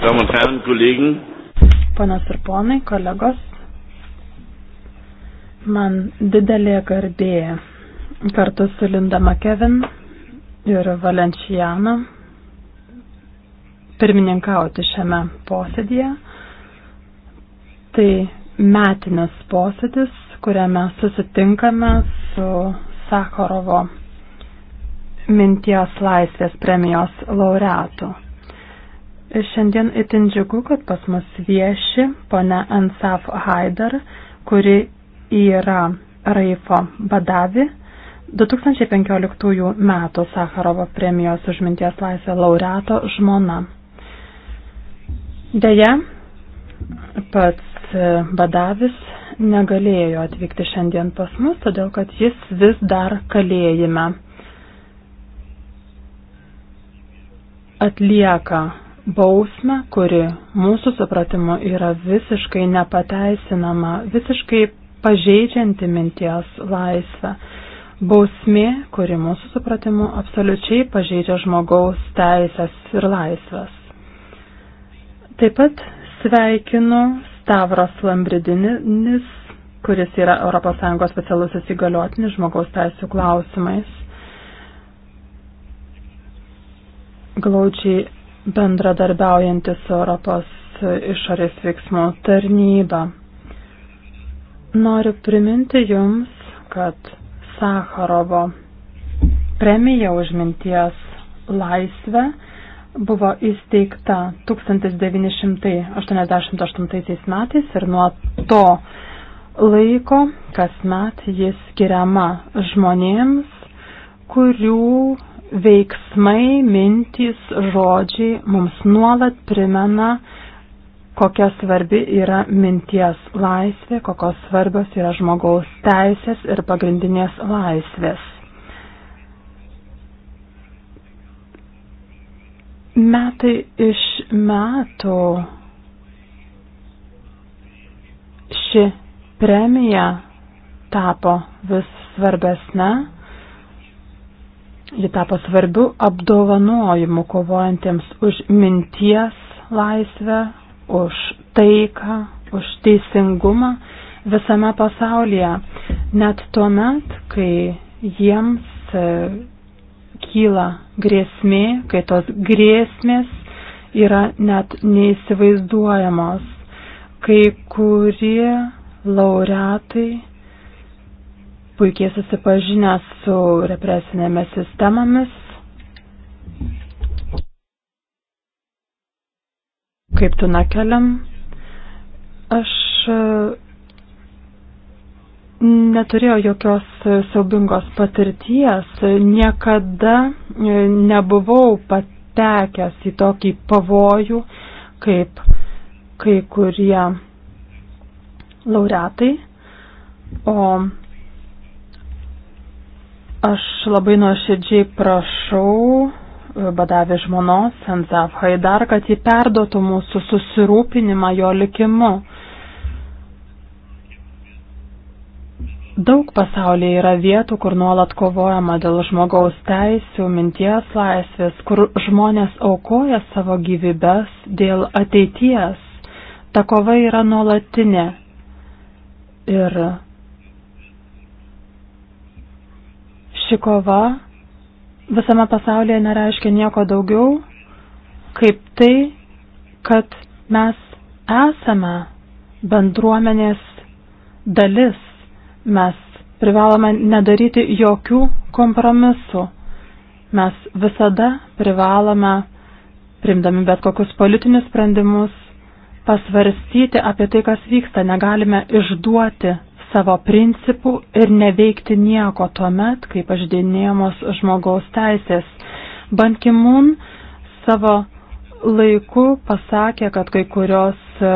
Damen und Herren, Kollegen. Panas ir ponai, kolegos, man didelė garbė kartu su Linda McKevin ir Valenciana pirmininkauti šiame posėdėje. Tai metinis posėdis, kuriame susitinkame su Sakarovo minties laisvės premijos laureatu. Šiandien itin džiugu, kad pas mus vieši pone Ansaf Haidar, kuri yra Raifo Badavi, 2015 metų Sakarovo premijos užminties laisvę laureato žmona. Deja, pats Badavis negalėjo atvykti šiandien pas mus, todėl kad jis vis dar kalėjime atlieka bausmę, kuri mūsų supratimu yra visiškai nepateisinama, visiškai pažeidžianti minties laisvę. Bausmė, kuri mūsų supratimu absoliučiai pažeidžia žmogaus teisės ir laisvės. Taip pat sveikinu Stavros Lambridinis, kuris yra ES specialusis įgaliotinis žmogaus teisų klausimais. Glaučiai bendradarbiaujantis Europos išorės veiksmų tarnyba. Noriu priminti Jums, kad Sakarovo premija už minties laisvę buvo įsteigta 1988 metais ir nuo to laiko kasmet jis skiriama žmonėms, kurių veiksmai, mintys, žodžiai mums nuolat primena, kokia svarbi yra minties laisvė, kokios svarbios yra žmogaus teisės ir pagrindinės laisvės. Metai iš metų ši premija tapo vis svarbesnė Ji tapo svarbiu apdovanojimu kovojantiems už minties laisvę, už taiką, už teisingumą visame pasaulyje. Net tuo met, kai jiems e, kyla grėsmė, kai tos grėsmės yra net neįsivaizduojamos. Kai kurie laureatai puikiai susipažinę su represinėmis sistemomis. Kaip tu nakeliam? Aš e, neturėjau jokios saubingos patirties, niekada e, nebuvau patekęs į tokį pavojų, kaip kai kurie laureatai, o Aš labai nuoširdžiai prašau e, badavė žmonos Senzaf Haidar, kad ji perdotų mūsų susirūpinimą jo likimu. Daug pasaulyje yra vietų, kur nuolat kovojama dėl žmogaus teisų, minties laisvės, kur žmonės aukoja savo gyvybės dėl ateities. Ta kova yra nuolatinė. Ir Ši kova visame pasaulyje nereiškia nieko daugiau, kaip tai, kad mes esame bendruomenės dalis. Mes privalome nedaryti jokių kompromisų. Mes visada privalome, primdami bet kokius politinius sprendimus, pasvarstyti apie tai, kas vyksta. Negalime išduoti savo principų ir neveikti nieko tuo met, kai pažydinėjamos žmogaus teisės. Bankimun savo laiku pasakė, kad kai kurios e,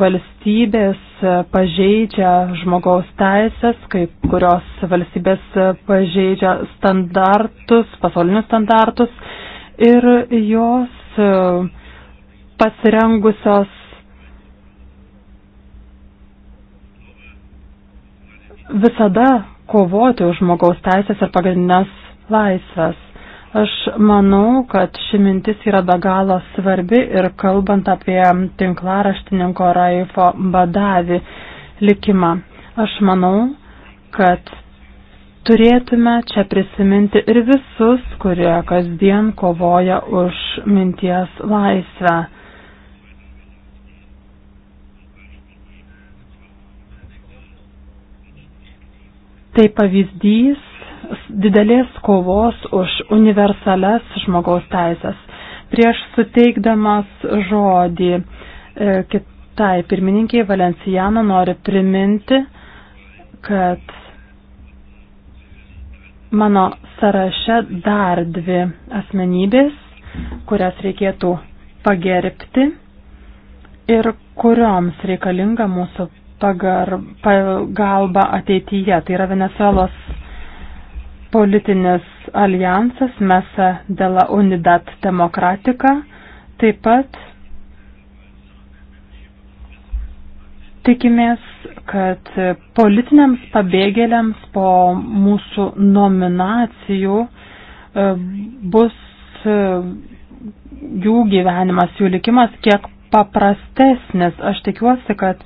valstybės e, pažeidžia žmogaus teisės, kai kurios valstybės e, pažeidžia standartus, pasaulinius standartus ir jos pasirengusios visada kovoti už žmogaus teisės ir pagrindinės laisvės. Aš manau, kad ši mintis yra be galo svarbi ir kalbant apie tinklaraštininko Raifo badavį likimą. Aš manau, kad turėtume čia prisiminti ir visus, kurie kasdien kovoja už minties laisvę. Tai pavyzdys didelės kovos už universales žmogaus teisės. Prieš suteikdamas žodį e, kitai pirmininkiai Valencijano noriu priminti, kad mano sąraše dar dvi asmenybės, kurias reikėtų pagerbti ir kurioms reikalinga mūsų pagalba ateityje. Tai yra Venezuelos politinis alijansas Mesa de la Unidad Demokratika. Taip pat tikimės, kad politiniams pabėgėliams po mūsų nominacijų e, bus e, jų gyvenimas, jų likimas kiek paprastesnis. Aš tikiuosi, kad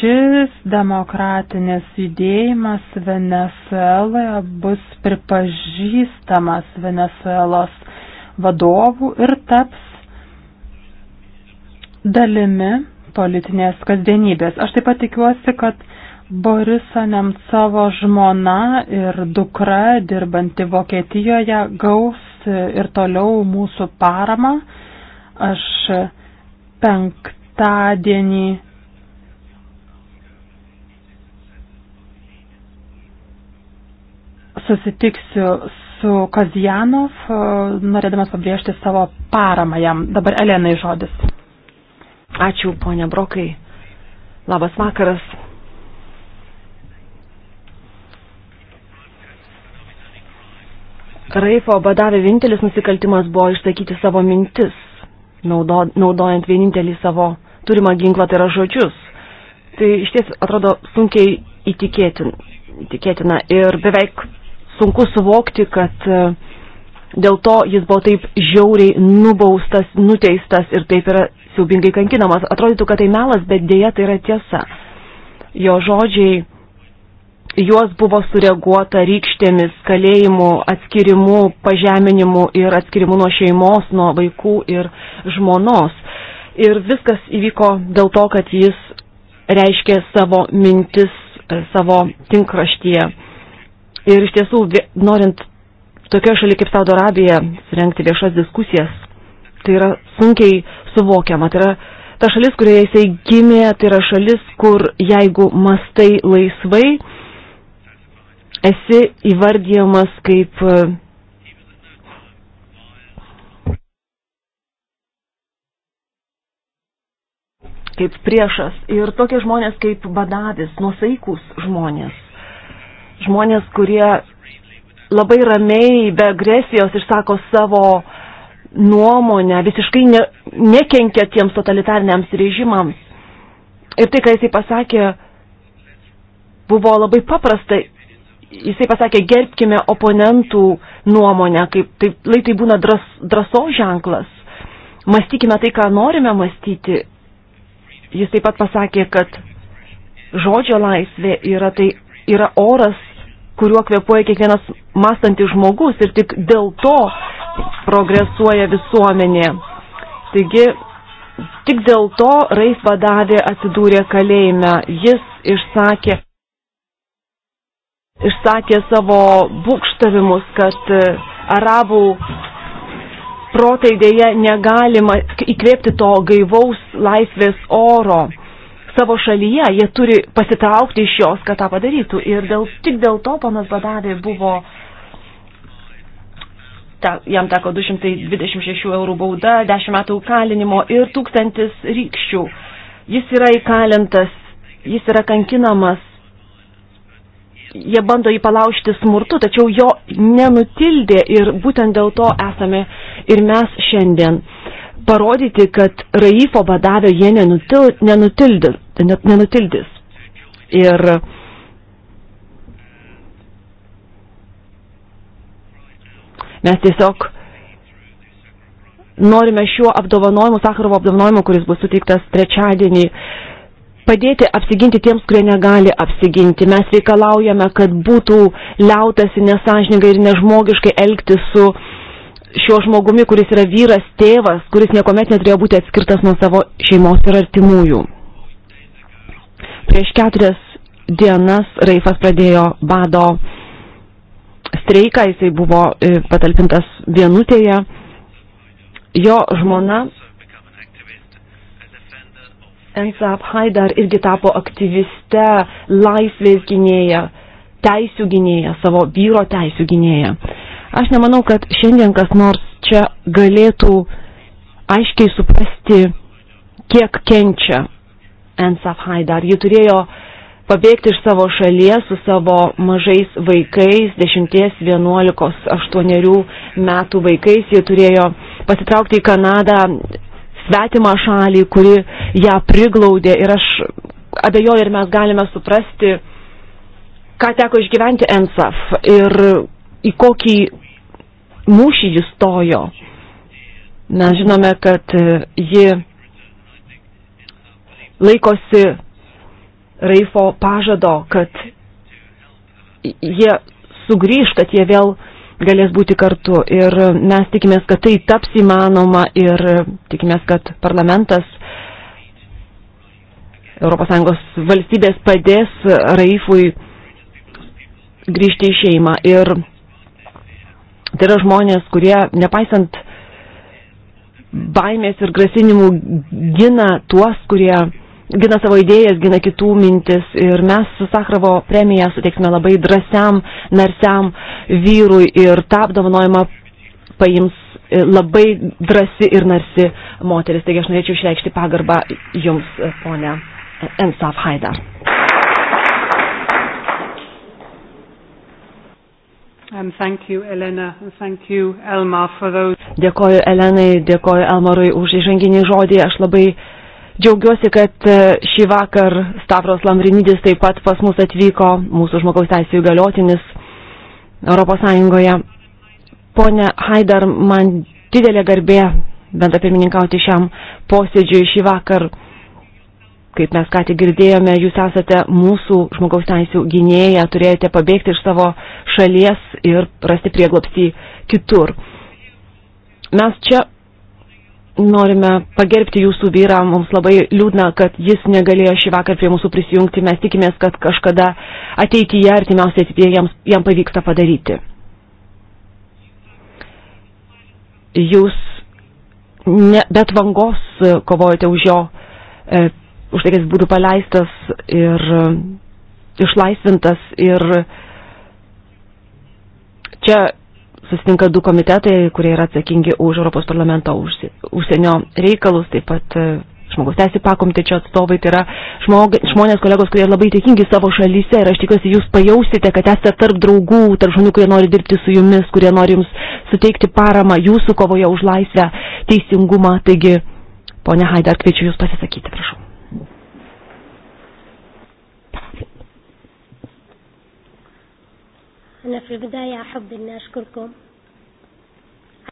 šis demokratinis judėjimas Venezueloje bus pripažįstamas Venezuelos vadovų ir taps dalimi politinės kasdienybės. Aš taip pat tikiuosi, kad Boriso Nemcovo žmona ir dukra dirbanti Vokietijoje gaus ir toliau mūsų paramą. Aš penktadienį susitiksiu su Kazijanov, e, norėdamas pabrėžti savo paramą jam. Dabar Elenai žodis. Ačiū, ponia Brokai. Labas vakaras. Raifo badavė vienintelis nusikaltimas buvo išsakyti savo mintis, naudo, naudojant vienintelį savo turimą ginklą, tai yra žodžius. Tai iš ties atrodo sunkiai įtikėtin, įtikėtina ir beveik sunku suvokti, kad e, dėl to jis buvo taip žiauriai nubaustas, nuteistas ir taip yra siaubingai kankinamas. Atrodytų, kad tai melas, bet dėja tai yra tiesa. Jo žodžiai, juos buvo sureaguota rykštėmis, kalėjimu, atskirimu, pažeminimu ir atskirimu nuo šeimos, nuo vaikų ir žmonos. Ir viskas įvyko dėl to, kad jis reiškė savo mintis e, savo tinkraštyje Ir iš tiesų, norint tokioje šalyje kaip Saudo Arabija surenkti viešas diskusijas, tai yra sunkiai suvokiama. Tai yra ta šalis, kurioje jisai gimė, tai yra šalis, kur jeigu mastai laisvai, esi įvardyjamas kaip kaip priešas. Ir tokie žmonės kaip badavis, nusaikus žmonės žmonės, kurie labai ramiai, be agresijos išsako savo nuomonę, visiškai ne, nekenkia tiems totalitariniams režimams. Ir tai, ką jisai pasakė, buvo labai paprasta. Jisai pasakė, gerbkime oponentų nuomonę, kaip taip, lai tai būna dras, drąsos ženklas. Mąstykime tai, ką norime mąstyti. Jis taip pat pasakė, kad žodžio laisvė yra, tai, yra oras kuriuo kvepuoja kiekvienas mąstantis žmogus ir tik dėl to progresuoja visuomenė. Taigi, tik dėl to Raif Badavė atsidūrė kalėjime. Jis išsakė, išsakė savo būkštavimus, kad e, arabų protai dėja negalima įkvėpti to gaivaus laisvės oro savo šalyje, jie turi pasitraukti iš jos, kad tą padarytų. Ir dėl, tik dėl to panas Badavė buvo, ta, jam teko 226 eurų bauda, 10 metų kalinimo ir tūkstantis rykščių. Jis yra įkalintas, jis yra kankinamas, jie bando jį palaužti smurtu, tačiau jo nenutildė ir būtent dėl to esame ir mes šiandien parodyti, kad Raifo badavio jie nenutil, nenutildis, nenutildis. Ir mes tiesiog norime šiuo apdovanojimu, Sakarovo apdovanojimu, kuris bus suteiktas trečiadienį, padėti apsiginti tiems, kurie negali apsiginti. Mes reikalaujame, kad būtų liautasi nesažininkai ir nežmogiškai elgti su uh, šiuo žmogumi, kuris yra vyras, tėvas, kuris niekuomet neturėjo būti atskirtas nuo savo šeimos ir artimųjų. Prieš keturias dienas Raifas pradėjo bado streiką, jisai buvo e, patalpintas vienutėje. Jo žmona Ensaf Haidar irgi tapo aktyviste, laisvės gynėja, teisų gynėja, savo vyro teisų gynėja. Aš nemanau, kad šiandien kas nors čia galėtų aiškiai suprasti, kiek kenčia Ensaf Haidar. Ji turėjo pabėgti iš savo šalies su savo mažais vaikais, 10, 11, 8 metų vaikais. Jie turėjo pasitraukti į Kanadą, svetimą šalį, kuri ją priglaudė. Ir aš abejoju, ir mes galime suprasti, ką teko išgyventi Ensaf ir į kokį mūšį jis stojo. Mes žinome, kad e, ji laikosi Raifo pažado, kad jie sugrįž, kad jie vėl galės būti kartu. Ir mes tikimės, kad tai taps įmanoma ir tikimės, kad parlamentas ES valstybės padės Raifui grįžti į šeimą. Ir Tai yra žmonės, kurie, nepaisant baimės ir grasinimų, gina tuos, kurie gina savo idėjas, gina kitų mintis. Ir mes su Sakravo premija suteiksime labai drąsiam, narsiam vyrui ir tą apdovanojimą paims labai drasi ir narsi moteris. Taigi aš norėčiau išreikšti pagarbą jums, ponė Ensaf Haidar. Dėkoju Elenai, dėkoju Elmarui už įžanginį žodį. Aš labai džiaugiuosi, kad e, šį vakar Stavros Lamrinidis taip pat pas mus atvyko, mūsų žmogaus teisėjų galiotinis Europos Sąjungoje. Pone Haidar, man didelė garbė bendra pirmininkauti šiam posėdžiui šį vakar kaip mes ką tik girdėjome, jūs esate mūsų žmogaus teisų gynėja, turėjote pabėgti iš savo šalies ir rasti prieglopstį kitur. Mes čia norime pagerbti jūsų vyrą, mums labai liūdna, kad jis negalėjo šį vakar prie mūsų prisijungti, mes tikimės, kad kažkada ateityje, artimiausiai ateityje jam, jam pavyks tą padaryti. Jūs ne, bet vangos kovojate už jo e, už tai, kad jis būtų paleistas ir e, išlaisvintas. Ir čia susitinka du komitetai, kurie yra atsakingi už Europos parlamento užsienio reikalus, taip pat e, žmogus teisė pakomitečio atstovai, tai yra žmog, žmonės, kolegos, kurie labai teikingi savo šalyse ir aš tikiuosi, jūs pajausite, kad esate tarp draugų, tarp žmonių, kurie nori dirbti su jumis, kurie nori jums suteikti paramą jūsų kovoje už laisvę, teisingumą. Taigi, ponia Haidar, kviečiu jūs pasisakyti, prašau.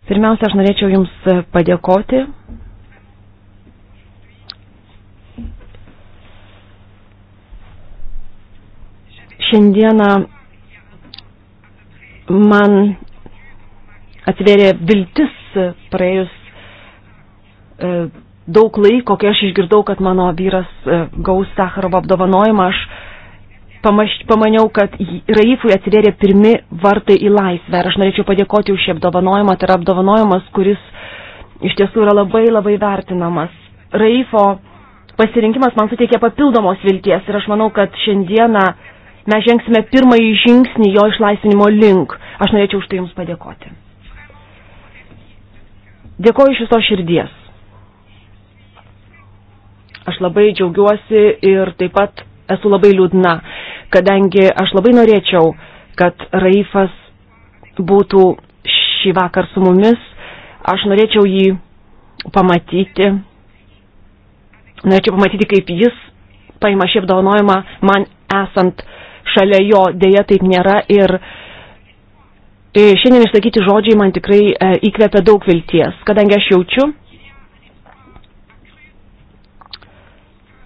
Pirmiausia, aš norėčiau Jums padėkoti. Šiandieną man atvėrė viltis praėjus e, daug laiko, kai aš išgirdau, kad mano vyras e, gaus Sakarovo apdovanojimą, aš pamaš, pamaniau, kad Raifui atsivėrė pirmi vartai į laisvę. Ir aš norėčiau padėkoti už šį apdovanojimą. Tai yra apdovanojimas, kuris iš tiesų yra labai labai vertinamas. Raifo pasirinkimas man suteikė papildomos vilties ir aš manau, kad šiandieną mes žengsime pirmąjį žingsnį jo išlaisvinimo link. Aš norėčiau už tai Jums padėkoti. Dėkoju iš viso širdies. Aš labai džiaugiuosi ir taip pat esu labai liūdna kadangi aš labai norėčiau, kad Raifas būtų šį vakar su mumis. Aš norėčiau jį pamatyti. Norėčiau pamatyti, kaip jis paima šį apdovanojimą man esant šalia jo. Deja, taip nėra. Ir e, šiandien išsakyti žodžiai man tikrai e, įkvepia daug vilties, kadangi aš jaučiu,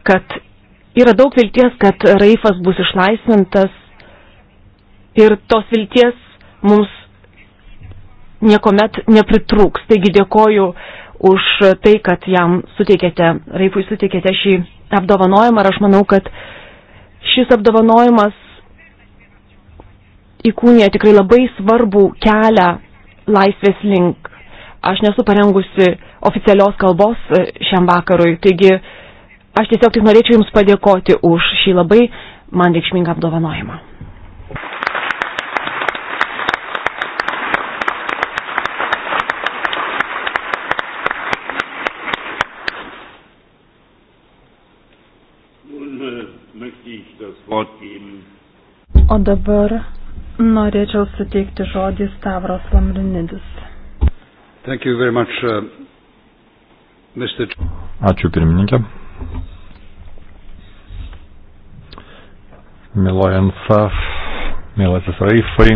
kad Yra daug vilties, kad Raifas bus išlaisvintas ir tos vilties mums niekuomet nepritrūks. Taigi dėkoju už tai, kad jam suteikėte, Raifui suteikėte šį apdovanojimą ir aš manau, kad šis apdovanojimas įkūnė tikrai labai svarbų kelią laisvės link. Aš nesu parengusi oficialios kalbos e, šiam vakarui, taigi Aš tiesiog tik norėčiau Jums padėkoti už šį labai man reikšmingą apdovanojimą. Äh, o dabar norėčiau suteikti žodį Stavros Lamrinidis. Much, uh, Mr. Ačiū pirmininkė. Miloji Ansaf, mielasis Raifai,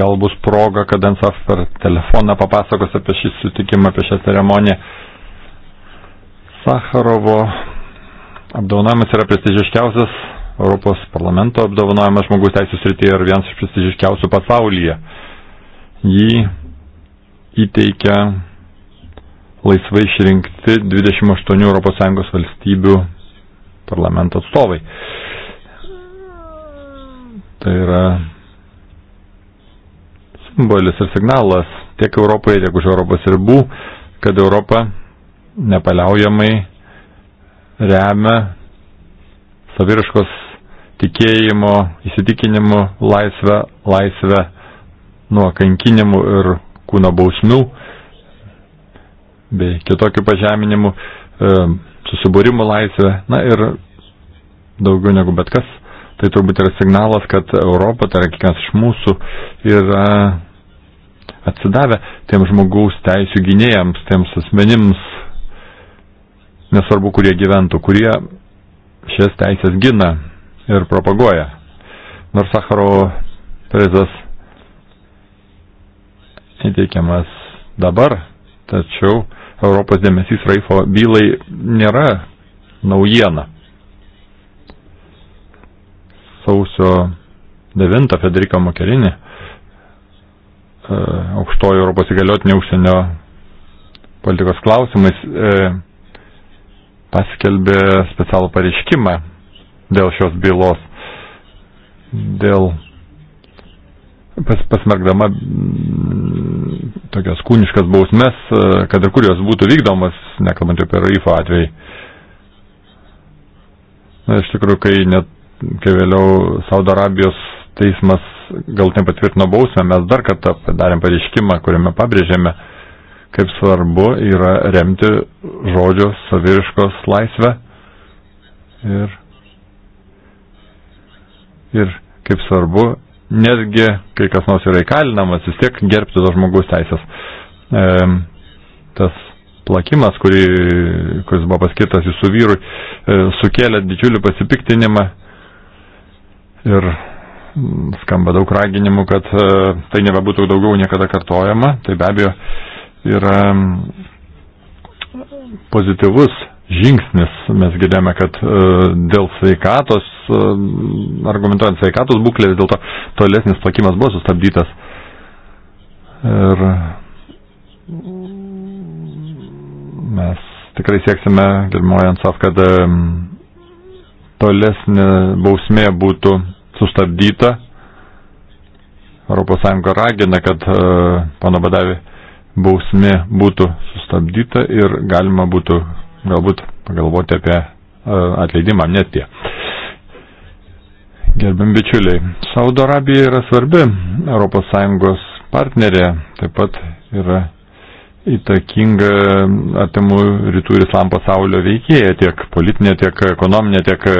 gal bus proga, kad Ansaf per telefoną papasakos apie šį sutikimą, apie šią ceremoniją. Sakarovo apdovanojimas yra prestižiškiausias Europos parlamento apdovanojimas žmogus teisų srityje ir vienas iš prestižiškiausių pasaulyje. Jį įteikia laisvai išrinkti 28 ES valstybių parlamento atstovai. Tai yra simbolis ir signalas tiek Europoje, tiek už Europos ribų, kad Europa nepaliaujamai remia saviriškos tikėjimo, įsitikinimų laisvę, laisvę nuo kankinimų ir kūno bausmių bei kitokių pažeminimų, e, susibūrimų laisvė, na ir daugiau negu bet kas. Tai turbūt yra signalas, kad Europa, tai yra kiekvienas iš mūsų, yra atsidavę tiem žmogaus teisų gynėjams, tiems asmenims, nesvarbu, kurie gyventų, kurie šias teisės gina ir propaguoja. Nors Sakaro prizas įteikiamas dabar, tačiau Europos dėmesys Raifo bylai nėra naujiena. Sausio 9 Federika Mokerinė, e, aukštojo Europos įgaliotinė užsienio politikos klausimais, e, paskelbė specialų pareiškimą dėl šios bylos, dėl pas, pasmergdama mm, tokias kūniškas bausmes, e, kad ir kur jos būtų vykdomas, nekalbant apie Raifo atvejį. Na, iš tikrųjų, kai, net, kai vėliau Saudo Arabijos teismas galtinai patvirtino bausmę, mes dar kartą padarėm pareiškimą, kuriame pabrėžėme, kaip svarbu yra remti žodžio saviriškos laisvę ir, ir kaip svarbu netgi kai kas nors yra įkalinamas, vis tiek gerbti to žmogus teisės. E, tas plakimas, kurį, kuris buvo paskirtas jūsų vyrui, e, sukėlė didžiulį pasipiktinimą ir skamba daug raginimų, kad e, tai nebebūtų daugiau niekada kartojama. Tai be abejo yra pozityvus žingsnis. Mes girdėjome, kad e, dėl sveikatos, e, argumentuojant sveikatos būklę, vis dėlto tolesnis plakimas buvo sustabdytas. Ir mes tikrai sieksime, gerbiamojant sav, kad e, tolesnė bausmė būtų sustabdyta. Europos Sąjunga ragina, kad pano badavė bausmė būtų sustabdyta ir galima būtų galbūt pagalvoti apie e, atleidimą amnestiją. Gerbiam bičiuliai, Saudo Arabija yra svarbi ES partnerė, taip pat yra įtakinga atimų rytų ir islam pasaulio veikėja tiek politinė, tiek ekonominė, tiek e,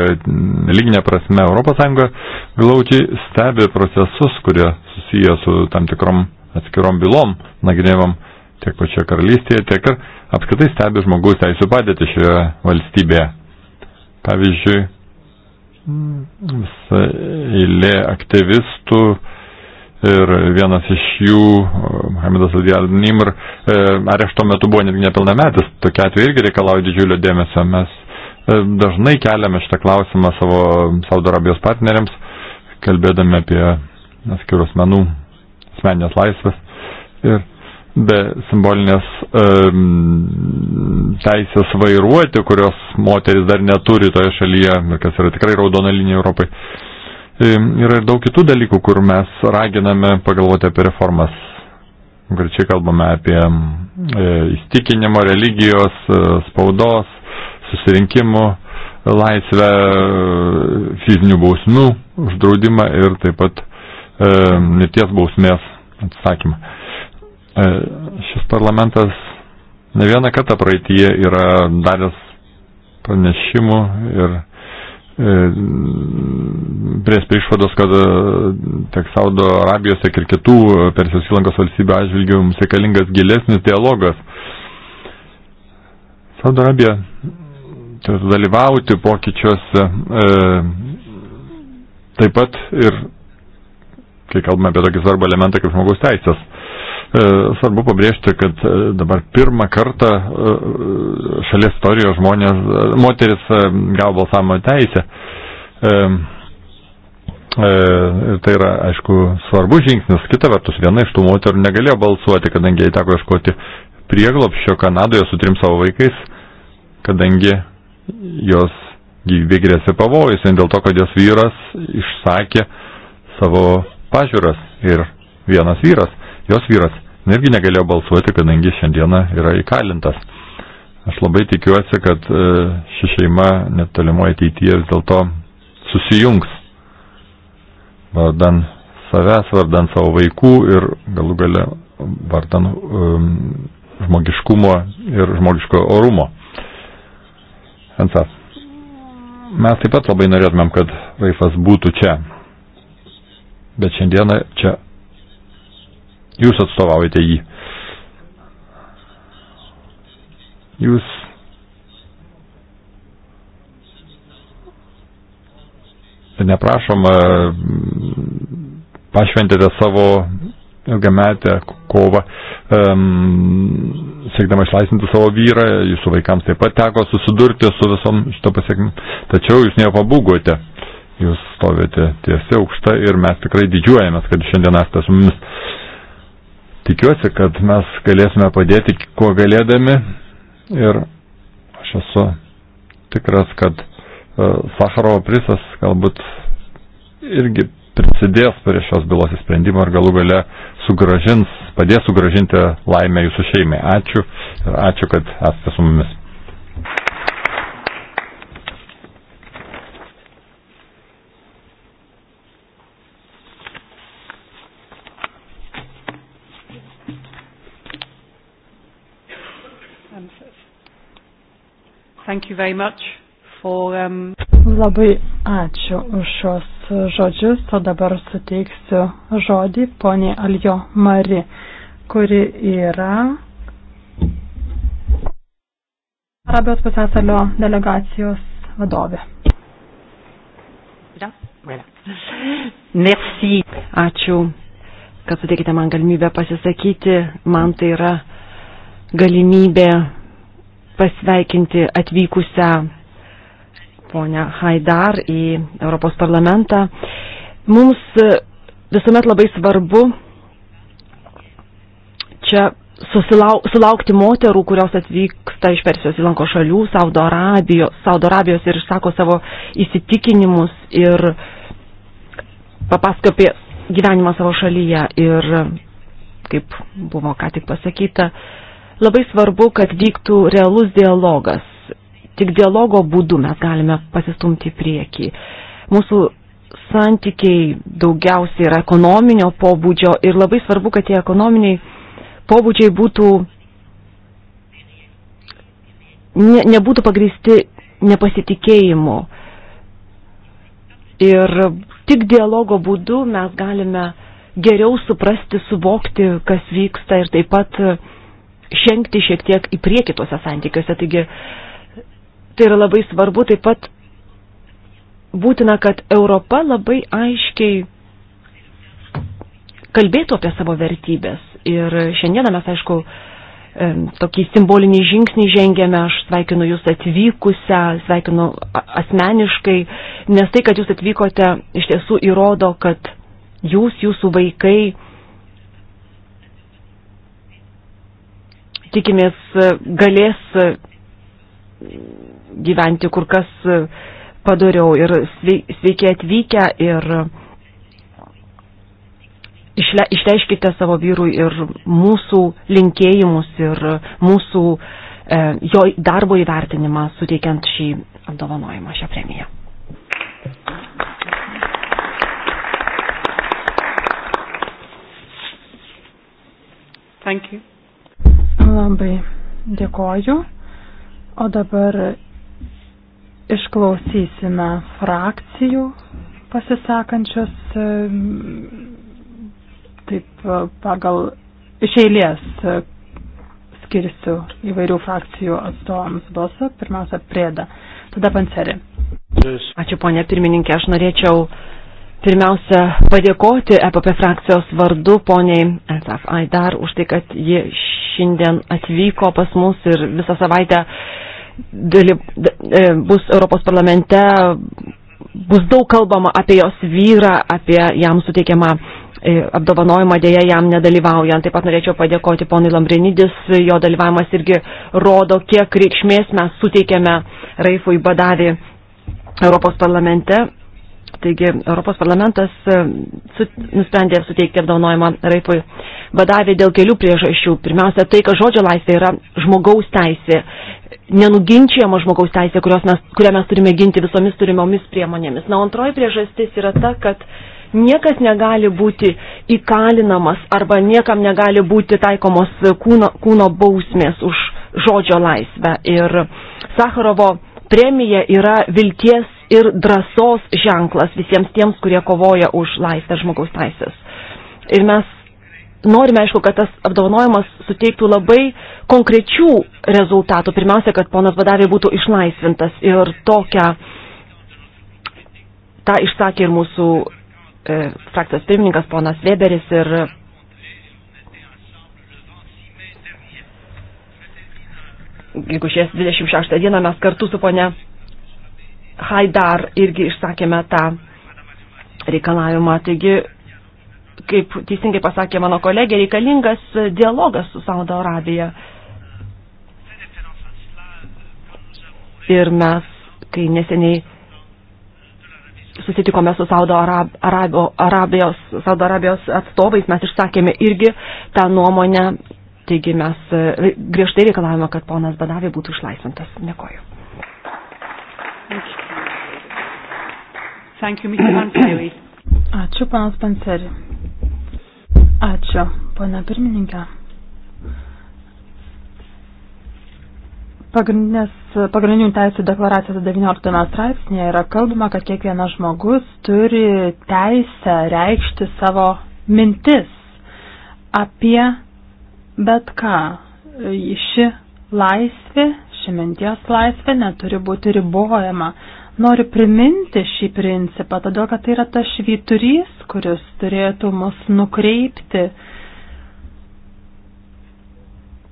lyginė prasme. ES glaučiai stebi procesus, kurie susiję su tam tikrom atskirom bylom, nagrinėjimam tiek pačioje karalystėje, tiek ir apskritai stebi žmogaus teisų padėti šioje valstybėje. Pavyzdžiui, visa eilė aktyvistų ir vienas iš jų, Hamidas Adjal Nimr, e, arešto metu buvo netgi nepilnametis, tokia atveju irgi reikalauja didžiulio dėmesio. Mes e, dažnai keliame šitą klausimą savo Saudo Arabijos partneriams, kalbėdami apie atskirus menų asmeninės laisvės. Ir be simbolinės e, teisės vairuoti, kurios moteris dar neturi toje šalyje, kas yra tikrai raudona linija Europai. E, yra ir daug kitų dalykų, kur mes raginame pagalvoti apie reformas. Gračiai kalbame apie e, įstikinimo, religijos, e, spaudos, susirinkimų, e, laisvę, e, fizinių bausmių, uždraudimą ir taip pat e, mirties bausmės atsakymą. E, šis parlamentas ne vieną kartą praeitie yra daręs pranešimų ir e, pries prie išvados, kad e, tiek Saudo Arabijos, tiek ir kitų Persijos įlankos valstybių atžvilgių mums reikalingas gilesnis dialogas. Saudo Arabija turi dalyvauti pokyčiuose e, taip pat ir, kai kalbame apie tokį svarbą elementą kaip žmogaus teisės. E, svarbu pabrėžti, kad e, dabar pirmą kartą e, šalies istorijos žmonės, moteris gavo balsavimo teisę. Ir tai yra, aišku, svarbu žingsnis. Kita vertus, viena iš tų moterų negalėjo balsuoti, kadangi jai teko ieškoti prieglopščio Kanadoje su trim savo vaikais, kadangi jos gyvybė grėsė pavojus, vien dėl to, kad jos vyras išsakė savo pažiūras ir vienas vyras. Jos vyras irgi negalėjo balsuoti, kadangi šiandieną yra įkalintas. Aš labai tikiuosi, kad e, ši šeima netolimoje ateityje vis dėlto susijungs vardan savęs, vardan savo vaikų ir galų gale vardan um, žmogiškumo ir žmogiško orumo. Ansas. Mes taip pat labai norėtumėm, kad vaifas būtų čia. Bet šiandieną čia Jūs atstovaujate jį. Jūs neprašom mm, pašventėte savo ilgametę kovą, um, siekdama išlaisinti savo vyrą, jūsų vaikams taip pat teko susidurti su visom šito pasiekmi, tačiau jūs nepabūgote, jūs stovėte tiesiai aukšta ir mes tikrai didžiuojamės, kad šiandien esate su mumis. Tikiuosi, kad mes galėsime padėti, kuo galėdami. Ir aš esu tikras, kad e, Sakarovo prisas galbūt irgi prisidės prie šios bylos įsprendimo ir galų gale sugražins, padės sugražinti laimę jūsų šeimai. Ačiū ir ačiū, kad esate su mumis. Thank you very much for. Um... Labai ačiū už šios žodžius, o dabar suteiksiu žodį poniai Aljo Mari, kuri yra Arabijos pusėsalio delegacijos vadovė. Voilà. Merci. Ačiū, kad suteikite man galimybę pasisakyti. Man tai yra galimybė pasveikinti atvykusią ponę Haidar į Europos parlamentą. Mums visuomet labai svarbu čia susilau, sulaukti moterų, kurios atvyksta iš Persijos įlanko šalių, Saudo, Arabijo, Saudo Arabijos ir išsako savo įsitikinimus ir papasako apie gyvenimą savo šalyje. Ir kaip buvo ką tik pasakyta, uh, Labai svarbu, kad vyktų realus dialogas. Tik dialogo būdu mes galime pasistumti į priekį. Mūsų santykiai daugiausiai yra ekonominio pobūdžio ir labai svarbu, kad tie ekonominiai pobūdžiai būtų, ne, nebūtų pagristi nepasitikėjimu. Ir tik dialogo būdu mes galime geriau suprasti, suvokti, kas vyksta ir taip pat žengti šiek tiek į priekį tuose santykiuose. Taigi tai yra labai svarbu taip pat būtina, kad Europa labai aiškiai kalbėtų apie savo vertybės. Ir šiandieną mes, aišku, e, tokį simbolinį žingsnį žengėme, aš sveikinu jūs atvykusią, sveikinu asmeniškai, nes tai, kad jūs atvykote, iš tiesų įrodo, kad jūs, jūsų vaikai, tikimės, e, galės e, gyventi kur kas e, padariau ir sveiki atvykę ir išle, išteiškite savo vyrui ir mūsų linkėjimus ir mūsų e, jo darbo įvertinimą suteikiant šį apdovanojimą, šią premiją. Thank you. Labai dėkoju. O dabar išklausysime frakcijų pasisakančios taip pagal iš eilės skirsiu įvairių frakcijų atstovams balsą. Pirmiausia, prėda. Tada panceri. Ačiū, ponė pirmininkė. Aš norėčiau uh, pirmiausia padėkoti EPP frakcijos vardu poniai Ensaf Aidar už tai, kad ji šiandien atvyko pas mus ir visą savaitę dali, e, bus Europos parlamente, bus daug kalbama apie jos vyrą, apie jam suteikiamą e, apdovanojimą dėja jam nedalyvaujant. Taip pat norėčiau padėkoti ponui Lambrinidis, jo dalyvavimas irgi rodo, kiek reikšmės mes suteikėme Raifui Badavį Europos parlamente Taigi Europos parlamentas e, su, nusprendė suteikti apdaunojimą Raifui Badavį dėl kelių priežasčių. Pirmiausia, tai, kad žodžio laisvė yra žmogaus teisė, nenuginčiama žmogaus teisė, mes, kurią mes turime ginti visomis turimomis priemonėmis. Na, antroji priežastis yra ta, kad niekas negali būti įkalinamas arba niekam negali būti taikomos kūno, kūno bausmės už žodžio laisvę. Ir Sakarovo premija yra vilties ir drąsos ženklas visiems tiems, kurie kovoja už laisvę žmogaus teisės. Ir mes norime, aišku, kad tas apdovanojimas suteiktų labai konkrečių rezultatų. Pirmiausia, kad ponas Badavė būtų išlaisvintas ir tokią, tą išsakė ir mūsų e, frakcijos pirmininkas ponas Weberis ir jeigu šies 26 dieną mes kartu su ponia Haidar irgi išsakėme tą reikalavimą. Taigi, kaip teisingai pasakė mano kolegė, reikalingas dialogas su Saudo Arabija. Ir mes, kai neseniai susitikome su Saudo Arab, Arabio, Arabijos, Saudo Arabijos atstovais, mes išsakėme irgi tą nuomonę, taigi mes e, griežtai reikalavome, kad ponas Badavi būtų išlaisvintas. Dėkoju. Ačiū. Thank you, Mr. Panseri. Ačiū, panas Panseri. Ačiū, pana pirmininkė. Pagrindinių teisų deklaracijos 19 straipsnėje yra kalbama, kad kiekvienas žmogus turi teisę reikšti savo mintis apie bet ką. Ši laisvė, ši minties laisvė neturi būti ribojama. Noriu priminti šį principą, todėl kad tai yra tas švyturys, kuris turėtų mus nukreipti,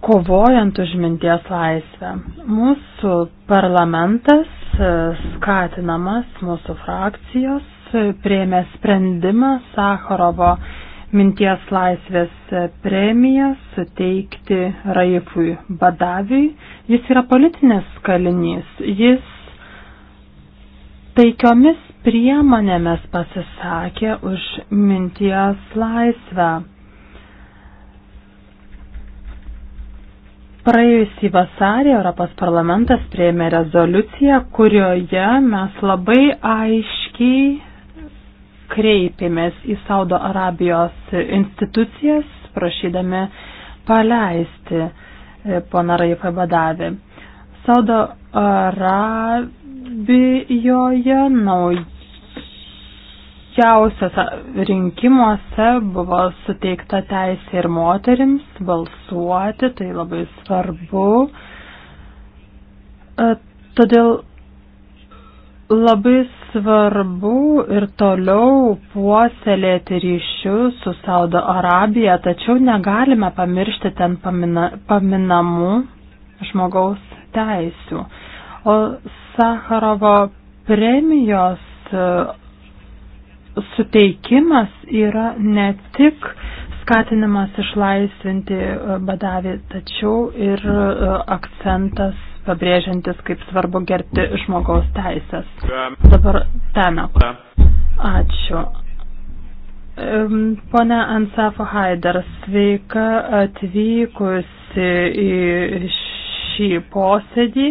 kovojant už minties laisvę. Mūsų parlamentas, e, skatinamas mūsų frakcijos, e, prieėmė sprendimą Sakarovo minties laisvės premiją suteikti Raifui Badaviui. Jis yra politinis kalinys. Jis taikiomis priemonėmis pasisakė už minties laisvę. Praėjusį vasarį Europos parlamentas prieėmė rezoliuciją, kurioje mes labai aiškiai kreipėmės į Saudo Arabijos institucijas, prašydami paleisti e, poną Raifą Badavį. Saudo Arabijos Serbijoje naujausiuose rinkimuose buvo suteikta teisė ir moterims balsuoti, tai labai svarbu. E, todėl labai svarbu ir toliau puoselėti ryšius su Saudo Arabija, tačiau negalime pamiršti ten pamina, paminamų žmogaus teisių. O Sakarovo premijos e, suteikimas yra ne tik skatinimas išlaisvinti e, badavį, tačiau ir e, akcentas pabrėžiantis, kaip svarbu gerbti žmogaus teisės. Dabar tenok. Ačiū. Pone Ansafo Haider, sveika atvykusi į šį posėdį.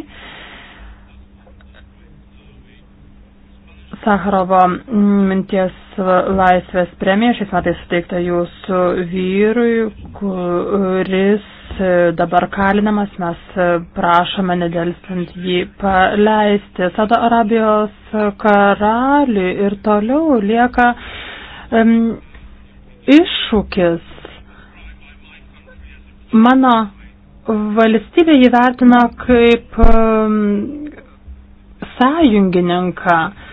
Sakharovo minties laisvės premija šiais metais suteikta jūsų vyrui, kuris dabar kalinamas, mes prašome nedelstant jį paleisti. Sado Arabijos karaliui ir toliau lieka um, iššūkis. Mano valstybė įvertina kaip um, sąjungininką. Uh,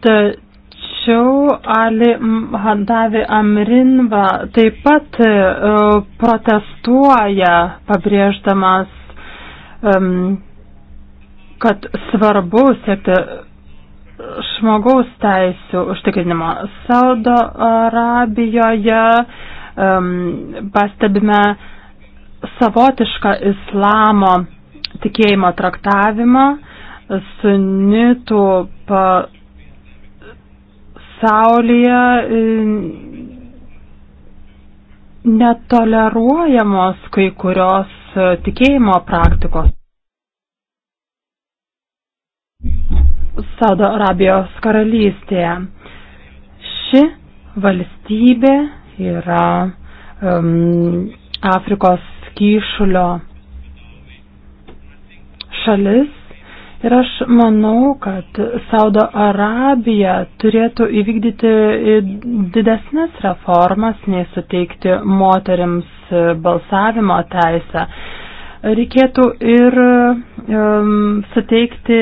Tačiau Ali Hadavi Amrinva taip pat e, protestuoja, pabrėždamas, kad svarbu siekti žmogaus teisų užtikrinimo. Saudo Arabijoje um, pastebime savotišką islamo tikėjimo traktavimą, sunitų pa, pasaulyje e, netoleruojamos kai kurios e, tikėjimo praktikos. Saudo Arabijos karalystėje. Ši valstybė yra um, Afrikos kyšulio šalis Ir aš manau, kad Saudo Arabija turėtų įvykdyti didesnės reformas, nei suteikti moteriams balsavimo teisę. Reikėtų ir um, suteikti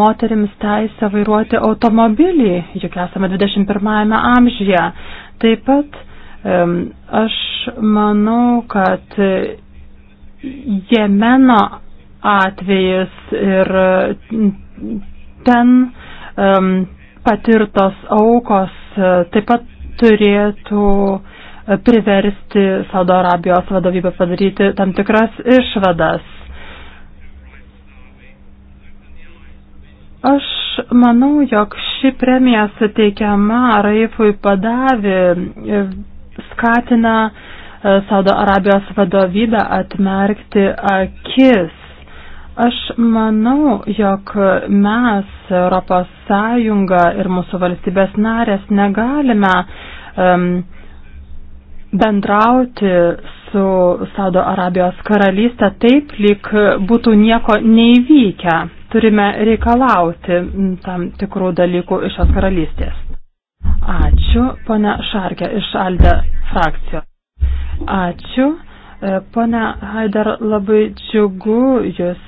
moteriams teisę vairuoti automobilį, juk esame 21 amžiuje. Taip pat um, aš manau, kad Jemeno atvejis ir ten um, patirtos aukos e, taip pat turėtų e, priversti Saudo Arabijos vadovybę padaryti tam tikras išvadas. Aš manau, jog ši premija suteikiama Raifui Padavi skatina e, Saudo Arabijos vadovybę atmerkti akis Aš manau, jog mes, Europos Sąjunga ir mūsų valstybės narės, negalime um, bendrauti su Saudo Arabijos karalystė taip, lyg būtų nieko neįvykę. Turime reikalauti tam tikrų dalykų iš šios karalystės. Ačiū, ponia Šarkė, iš Alde frakcijos. Ačiū. E, pone Haider, labai džiugu Jūs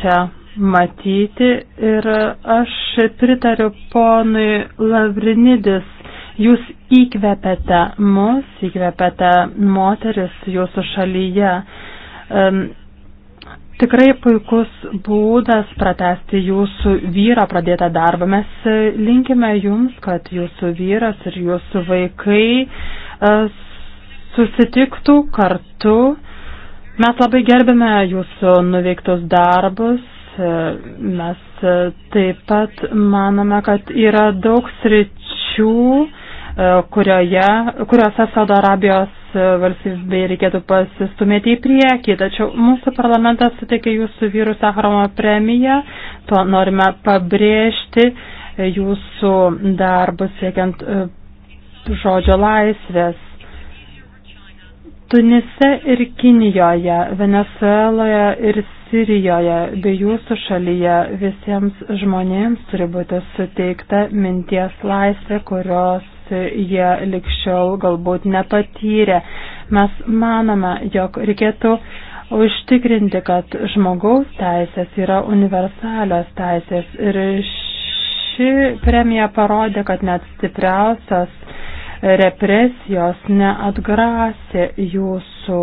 čia matyti ir aš pritariu ponui Lavrinidis. Jūs įkvepiate mus, įkvepiate moteris Jūsų šalyje. E, tikrai puikus būdas pratesti jūsų vyro pradėtą darbą. Mes linkime jums, kad jūsų vyras ir jūsų vaikai e, susitiktų kartu. Mes labai gerbėme jūsų nuveiktus darbus. Mes taip pat manome, kad yra daug sričių, kurioje, kuriuose Saudo Arabijos valstybei reikėtų pasistumėti į priekį. Tačiau mūsų parlamentas suteikė jūsų vyrų Sakharovo premiją, to norime pabrėžti jūsų darbus siekiant žodžio laisvės. Tunise ir Kinijoje, Venezueloje ir Sirijoje bei jūsų šalyje visiems žmonėms turi būti suteikta minties laisvė, kurios jie likščiau galbūt nepatyrė. Mes manome, jog reikėtų užtikrinti, kad žmogaus teisės yra universalios teisės ir ši premija parodė, kad net stipriausias represijos neatgrasė jūsų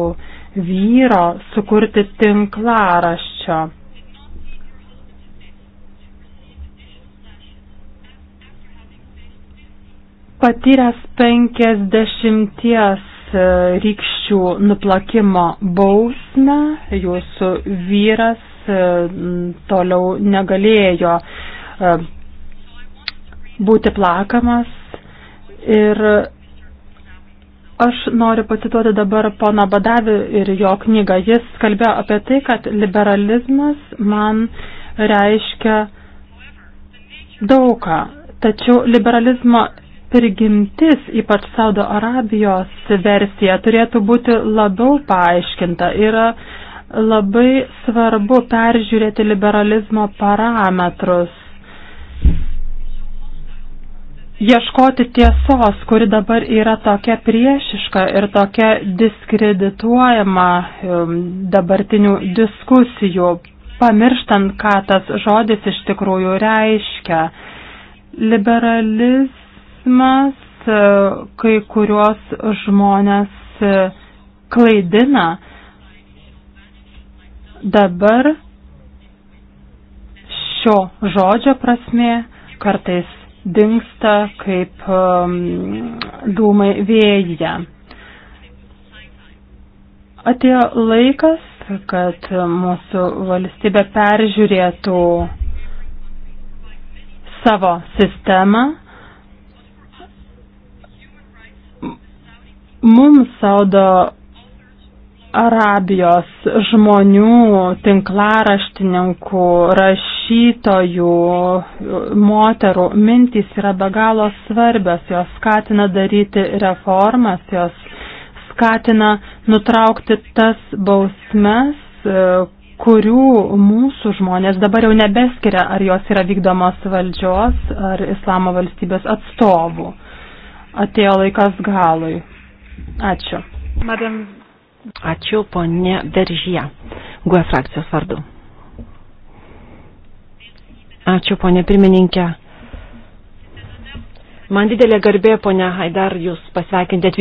vyro sukurti tinklaraščio. Patyręs penkėsdešimties e, rykščių nuplakimo bausmę, jūsų vyras e, toliau negalėjo e, būti plakamas Ir aš noriu pacituoti dabar pono Badavį ir jo knygą. Jis kalbėjo apie tai, kad liberalizmas man reiškia daugą. Tačiau liberalizmo prigimtis, ypač Saudo Arabijos versija, turėtų būti labiau paaiškinta. Yra labai svarbu peržiūrėti liberalizmo parametrus ieškoti tiesos, kuri dabar yra tokia priešiška ir tokia diskredituojama dabartinių diskusijų, pamirštant, ką tas žodis iš tikrųjų reiškia. Liberalizmas e, kai kuriuos žmonės e, klaidina. Dabar šio žodžio prasme kartais dinksta kaip um, dūmai vėjyje. Atėjo laikas, kad mūsų valstybė peržiūrėtų savo sistemą. Mums Saudo Arabijos žmonių, tinklaraštininkų, raš, rašytojų, moterų mintys yra be galo svarbios, jos skatina daryti reformas, jos skatina nutraukti tas bausmes, e, kurių mūsų žmonės dabar jau nebeskiria, ar jos yra vykdomos valdžios ar islamo valstybės atstovų. Atėjo laikas galui. Ačiū. Madam. Ačiū, ponė Veržyje, GUE frakcijos vardu. Ačiū, ponė pirmininkė. Man didelė garbė, ponė Haidar, jūs pasveikinti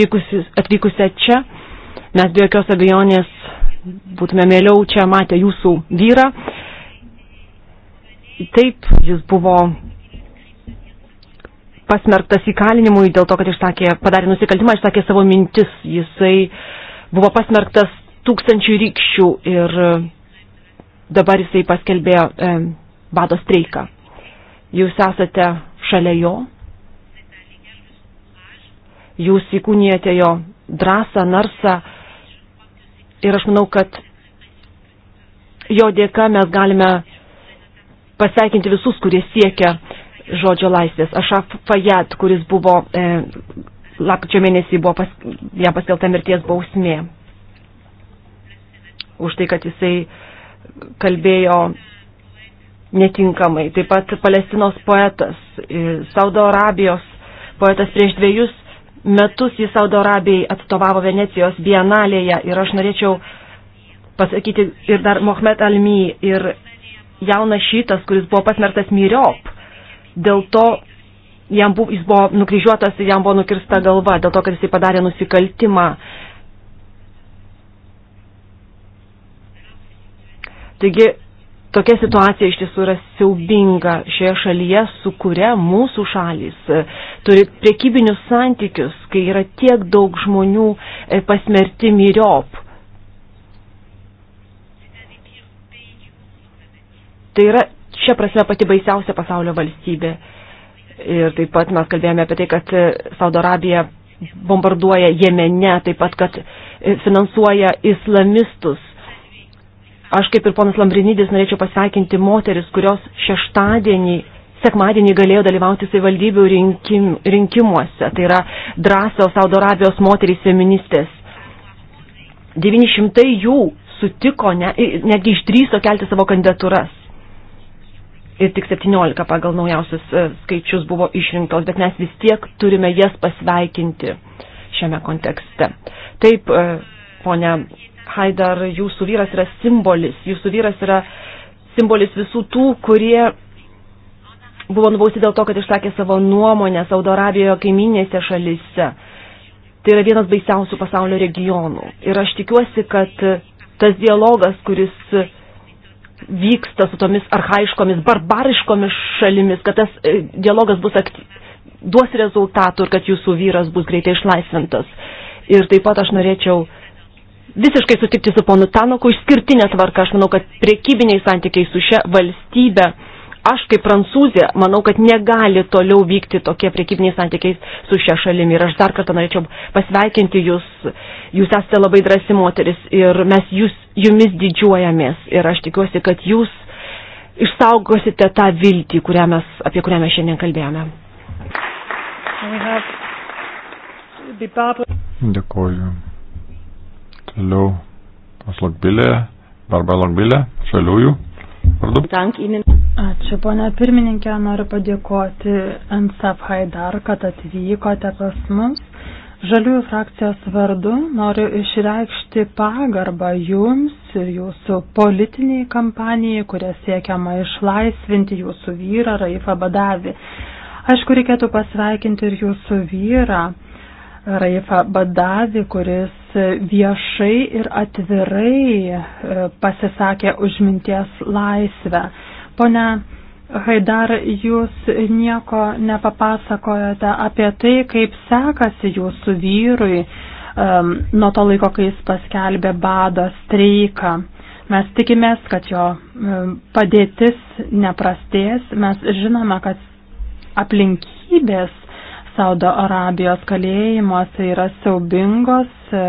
atvykusią čia. Mes be jokios abejonės būtume mėliau čia matę jūsų vyrą. Taip, jis buvo pasmerktas įkalinimui dėl to, kad išsakė, padarė nusikaltimą, išsakė savo mintis. Jisai buvo pasmerktas tūkstančių rykščių ir dabar jisai paskelbė e, bado streiką. Jūs esate šalia jo, jūs įkūnijate jo drąsą, narsą ir aš manau, kad jo dėka mes galime pasveikinti visus, kurie siekia žodžio laisvės. Ašaf Fayad, kuris buvo, e, lapkričio mėnesį buvo pas, jam paskelta mirties bausmė už tai, kad jisai kalbėjo netinkamai. Taip pat Palestinos poetas, e, Saudo Arabijos poetas prieš dviejus metus į Saudo Arabijai atstovavo Venecijos bienalėje ir aš norėčiau pasakyti ir dar Mohamed Almy ir jaunas šitas, kuris buvo pasmertas myriop. Dėl to jam buvo, jis buvo nukryžiuotas ir jam buvo nukirsta galva, dėl to, kad jisai padarė nusikaltimą. Taigi Tokia situacija iš tiesų yra siaubinga šioje šalyje, su kuria mūsų šalis e, turi priekybinius santykius, kai yra tiek daug žmonių e, pasmerti myriop. Tai yra šia prasme pati baisiausia pasaulio valstybė. Ir taip pat mes kalbėjome apie tai, kad e, Saudo Arabija bombarduoja Jemene, taip pat, kad finansuoja islamistus Aš kaip ir ponas Lambrinidis norėčiau pasveikinti moteris, kurios šeštadienį, sekmadienį galėjo dalyvauti savivaldybių rinkim, rinkimuose. Tai yra drąsios Saudo Arabijos moterys feministės. 900 jų sutiko, ne, netgi išdryso kelti savo kandidatūras. Ir tik 17 pagal naujausius e, skaičius buvo išrinktos, bet mes vis tiek turime jas pasveikinti šiame kontekste. Taip, e, ponia Haidar, jūsų vyras yra simbolis, jūsų vyras yra simbolis visų tų, kurie buvo nubausti dėl to, kad išsakė savo nuomonę Saudo Arabijoje kaiminėse šalise. Tai yra vienas baisiausių pasaulio regionų. Ir aš tikiuosi, kad tas dialogas, kuris vyksta su tomis arhaiškomis, barbariškomis šalimis, kad tas e, dialogas bus akty... duos rezultatų ir kad jūsų vyras bus greitai išlaisvintas. Ir taip pat aš norėčiau uh, visiškai sutikti su ponu Tanoku išskirtinė tvarka. Aš manau, kad priekybiniai santykiai su šia valstybe, aš kaip prancūzė, manau, kad negali toliau vykti tokie priekybiniai santykiai su šia šalimi. Ir aš dar kartą norėčiau pasveikinti jūs. Jūs esate labai drąsi moteris ir mes jūs, jumis didžiuojamės. Ir aš tikiuosi, kad jūs išsaugosite tą viltį, kurią mes, apie kurią mes šiandien kalbėjome. Dėkoju. Toliau pas Lokbilė, Barbara Lokbilė, Žaliųjų. Ačiū, ponia pirmininkė, noriu padėkoti NSAF Haidar, kad atvykote pas mus. Žaliųjų frakcijos vardu noriu išreikšti pagarbą jums ir jūsų politiniai kampanijai, kuria siekiama išlaisvinti jūsų vyrą Raifą Badavį. Aišku, reikėtų pasveikinti ir jūsų vyrą Raifą Badavį, kuris viešai ir atvirai e, pasisakė už minties laisvę. Pone Haidar, jūs nieko nepapasakojate apie tai, kaip sekasi jūsų vyrui um, nuo to laiko, kai jis paskelbė bado streiką. Mes tikimės, kad jo um, padėtis neprastės, mes žinome, kad aplinkybės Saudo Arabijos kalėjimuose yra siaubingos, e,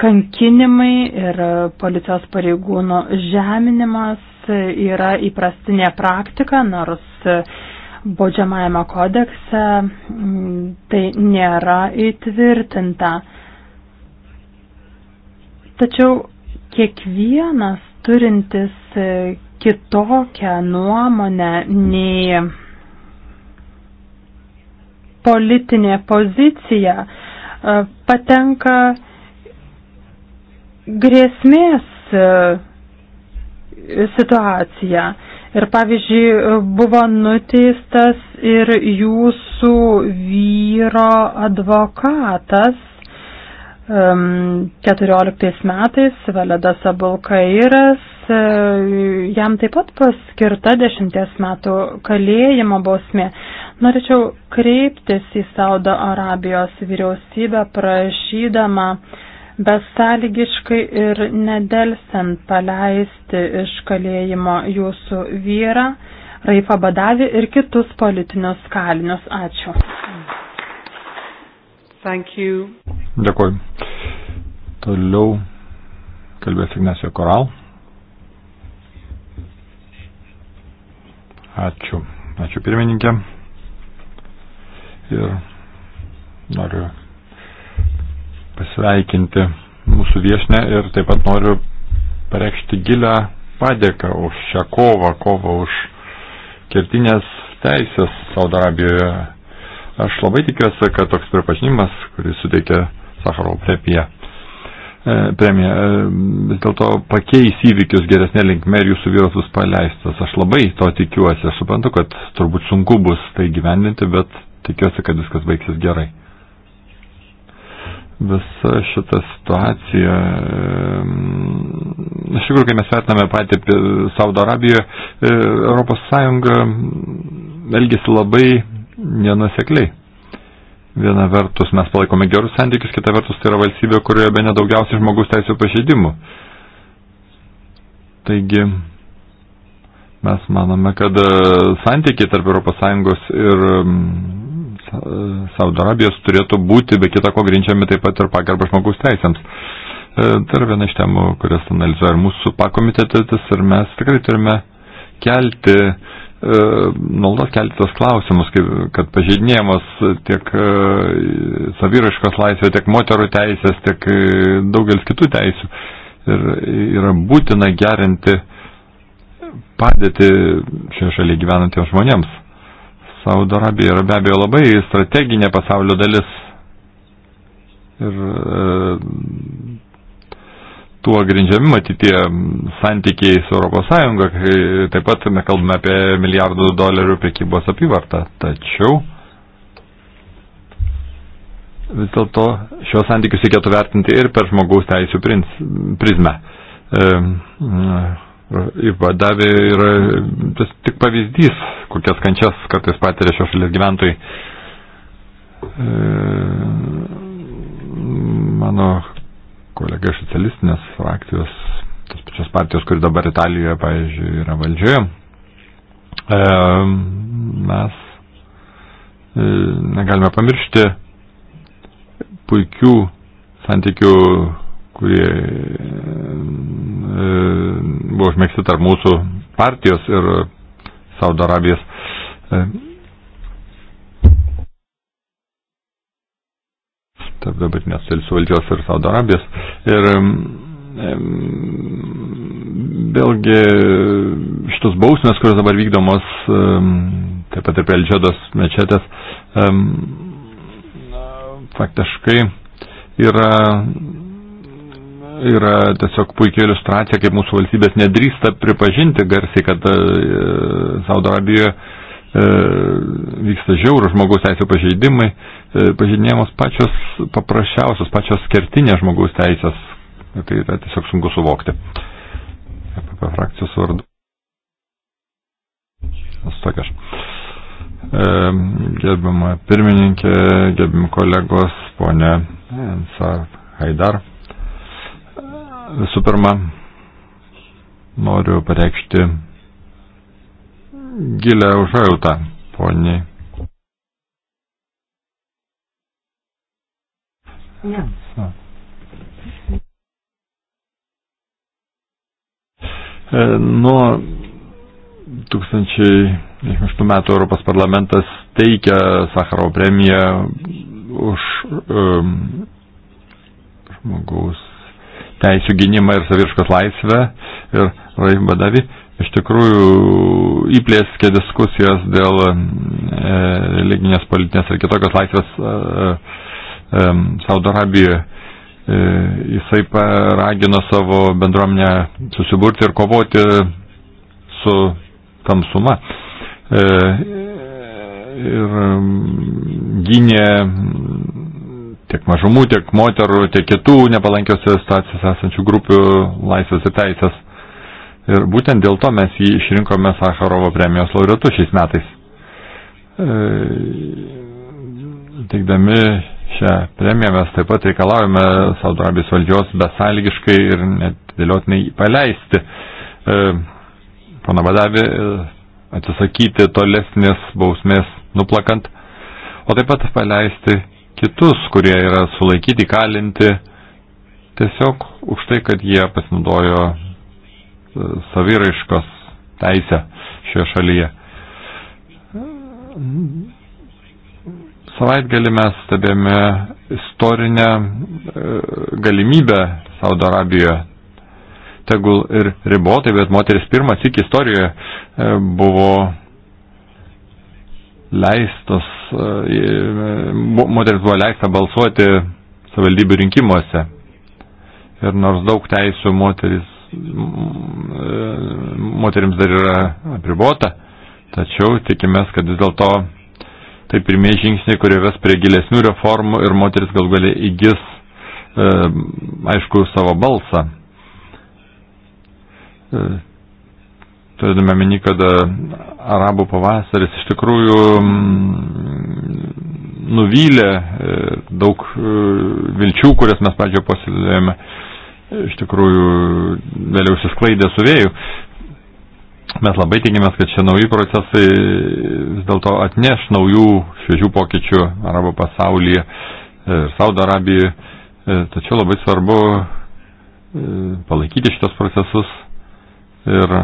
kankinimai ir policijos pareigūnų žeminimas e, yra įprastinė praktika, nors e, baudžiamajame kodekse tai nėra įtvirtinta. Tačiau kiekvienas turintis kitokią nuomonę nei politinė pozicija e, patenka grėsmės e, situacija. Ir pavyzdžiui, e, buvo nuteistas ir jūsų vyro advokatas 14 metais, Valedas Abulkairas, jam taip pat paskirta 10 metų kalėjimo bausmė. Norėčiau kreiptis į Saudo Arabijos vyriausybę prašydama besąlygiškai ir nedelsiant paleisti iš kalėjimo jūsų vyrą, Raifą Badavį ir kitus politinius kalinius. Ačiū. Thank you. Dėkuoju. Toliau kalbės Ignacio Koral. Ačiū. Ačiū pirmininkė ir noriu pasveikinti mūsų viešnę ir taip pat noriu pareikšti gilę padėką už šią kovą, kovą už kertinės teisės Saudo Arabijoje. Aš labai tikiuosi, kad toks pripažinimas, kuris suteikia Sakharovo premiją, e, premiją e, vis dėlto pakeis įvykius geresnė linkme ir jūsų vyras bus paleistas. Aš labai to tikiuosi. Aš suprantu, kad turbūt sunku bus tai gyvendinti, bet tikiuosi, kad viskas baigsis gerai. Visa šita situacija, iš tikrųjų, kai mes vertiname patį Saudo Arabiją, e, Europos Sąjunga elgėsi labai nenusekliai. Viena vertus mes palaikome gerus santykius, kita vertus tai yra valstybė, kurioje be nedaugiausiai žmogus teisų pažeidimų. Taigi, mes manome, kad e, santykiai tarp ES ir Saudo Arabijos turėtų būti, be kita ko, grinčiami taip pat ir pagarba žmogaus teisėms. E, tai yra viena iš temų, kurias analizuoja ir mūsų pakomitetis, ir mes tikrai turime kelti, e, nuolat kelti tos klausimus, kaip, kad pažeidinėjamos tiek e, saviraškos laisvė, tiek moterų teisės, tiek daugelis kitų teisių. Ir yra būtina gerinti padėti šioje šalyje gyvenantiems žmonėms. Saudo Arabija yra be abejo labai strateginė pasaulio dalis. Ir e, tuo grindžiami matyti santykiai su Europos Sąjunga, kai taip pat mes kalbame apie milijardų dolerių prekybos apyvartą. Tačiau vis dėlto šios santykius reikėtų vertinti ir per žmogaus teisų prizmę. E, e, Vadavė nu, yra tas tik pavyzdys, kokias kančias kartais patiria šios šalies gyventojai. E, mano kolega iš socialistinės frakcijos, tas pačios partijos, kuri dabar Italijoje, pavyzdžiui, yra valdžioje, e, mes e, negalime pamiršti puikių santykių kurie e, e, buvo užmėgsti tarp mūsų partijos ir Saudo Arabijos. E, tarp dabartinės Selsų valdžios ir Saudo Arabijos. Ir vėlgi šitos bausmės, kurios dabar vykdomos, taip pat ir prie Alžedos mečetės, faktiškai yra yra tiesiog puikia iliustracija, kaip mūsų valstybės nedrįsta pripažinti garsiai, kad e, Saudo Arabijoje e, vyksta žiaurų žmogaus teisų pažeidimai, e, pažeidinėjamos pačios paprasčiausios, pačios kertinės žmogaus teisės. Tai yra tiesiog sunku suvokti. APP frakcijos vardu. Nustokiaš. Gerbiama pirmininkė, gerbiami kolegos, ponė Ensar Haidar. Visų pirma, noriu pareikšti gilę užajautą poniai. Ne. Ja. E, nuo 2008 metų Europos parlamentas teikia Sakharovo premiją už um, žmogaus teisų gynimą ir savirškos laisvę ir Raim Badavi iš tikrųjų įplėskė diskusijos dėl e, religinės, politinės ir kitokios laisvės e, e, Saudo Arabijoje. E, jisai paragino savo bendruomenę susiburti ir kovoti su tamsuma. E, ir gynė tiek mažumų, tiek moterų, tiek kitų nepalankiose situacijose esančių grupių laisvės ir teisės. Ir būtent dėl to mes jį išrinkome Sakarovo premijos laureatu šiais metais. E, teikdami šią premiją mes taip pat reikalaujame Saudo Arabijos valdžios besąlygiškai ir netidėliotinai paleisti e, pana Badavi, e, atsisakyti tolesnės bausmės nuplakant, o taip pat paleisti kitus, kurie yra sulaikyti, kalinti, tiesiog už tai, kad jie pasinaudojo e, saviraiškos teisę šioje šalyje. Savaitgalį mes stebėme istorinę e, galimybę Saudo Arabijoje. Tegul ir ribotai, bet moteris pirmas iki istorijoje e, buvo leistos, e, moteris buvo leista balsuoti savivaldybių rinkimuose. Ir nors daug teisų moteris, e, moterims dar yra apribota, tačiau tikimės, kad vis dėlto tai pirmieji žingsniai, kurie ves prie gilesnių reformų ir moteris gal gali įgis, e, aišku, savo balsą turėdami meni, kad e, arabų pavasaris iš tikrųjų nuvylė e, daug e, vilčių, kurias mes pradžioje pasidėjome, iš tikrųjų vėliau išsisklaidė su vėju. Mes labai tikimės, kad šie nauji procesai vis dėlto atneš naujų šviežių pokyčių arabo pasaulyje ir Saudo Arabijoje, tačiau labai svarbu palaikyti šitos procesus ir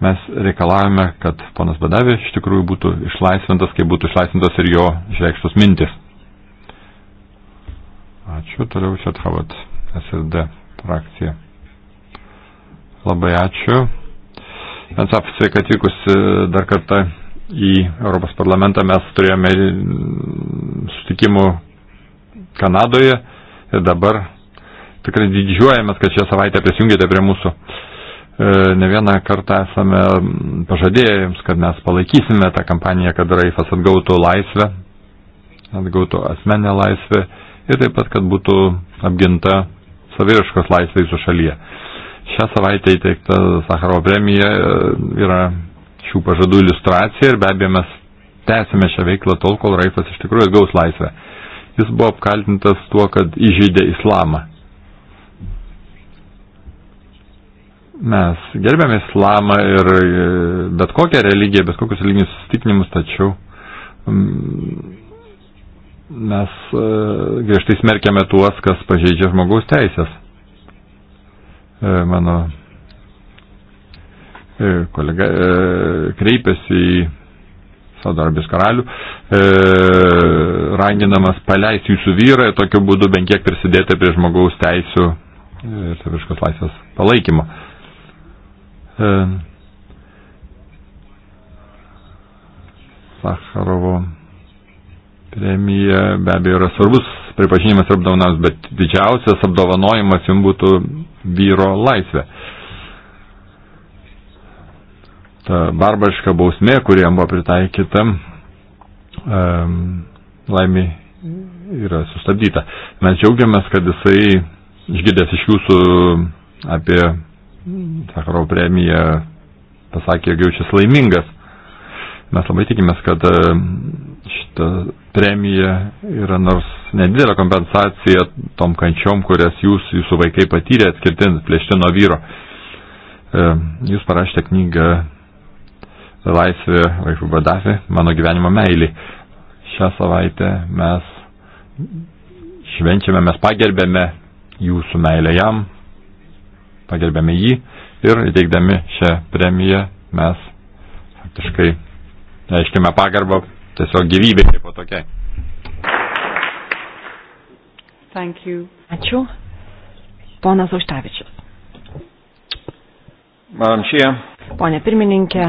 Mes reikalavome, kad ponas Badavė iš tikrųjų būtų išlaisvintas, kaip būtų išlaisvintas ir jo išreikštos mintis. Ačiū, toliau čia atkavat SRD frakcija. Labai ačiū. Ansap, sveika atvykusi e, dar kartą į Europos parlamentą. Mes turėjome e, sutikimų Kanadoje ir dabar tikrai didžiuojamės, kad šią savaitę prisijungėte prie mūsų. Uh, E, ne vieną kartą esame pažadėję jums, kad mes palaikysime tą kampaniją, kad Raifas atgautų laisvę, atgautų asmenę laisvę ir taip pat, kad būtų apginta saviriškos laisvė jūsų šalyje. Šią savaitę įteikta Sakharovo premija e, yra šių pažadų iliustracija ir be abejo mes tęsime šią veiklą tol, kol Raifas iš tikrųjų gaus laisvę. Jis buvo apkaltintas tuo, kad įžeidė islamą. Mes gerbėme islamą ir e, bet kokią religiją, bet kokius religinius įsitikinimus, tačiau mes e, griežtai smerkiame tuos, kas pažeidžia žmogaus teisės. E, mano kolega kreipėsi į Saudarbės karalių, raginamas paleisti jūsų vyrą ir tokiu būdu bent kiek prisidėti prie žmogaus teisų ir saviškos laisvės palaikymo. E, Sakarovo premija be abejo yra svarbus pripažinimas ir apdovanojimas, bet didžiausias apdovanojimas jums būtų vyro laisvė. Ta barbariška bausmė, kuri jam buvo pritaikyta, um, laimė yra sustabdyta. Mes džiaugiamės, kad jisai išgirdęs iš jūsų apie Sakaro premija pasakė, jog jaučiasi laimingas. Mes labai tikimės, kad e, šita premija yra nors nedidelė kompensacija tom kančiom, kurias jūs, jūsų vaikai patyrė atskirtint plėšti nuo vyro. E, jūs parašėte knygą Laisvė vaikų badafė, mano gyvenimo meilį. Šią savaitę mes švenčiame, mes pagerbėme jūsų meilę jam, pagerbėme jį ir įteikdami šią premiją mes faktiškai reiškime pagarbą tiesiog gyvybė kaip po tokiai. Ačiū. Ponas Užtavičius. Madam Šija. Pone pirmininkė,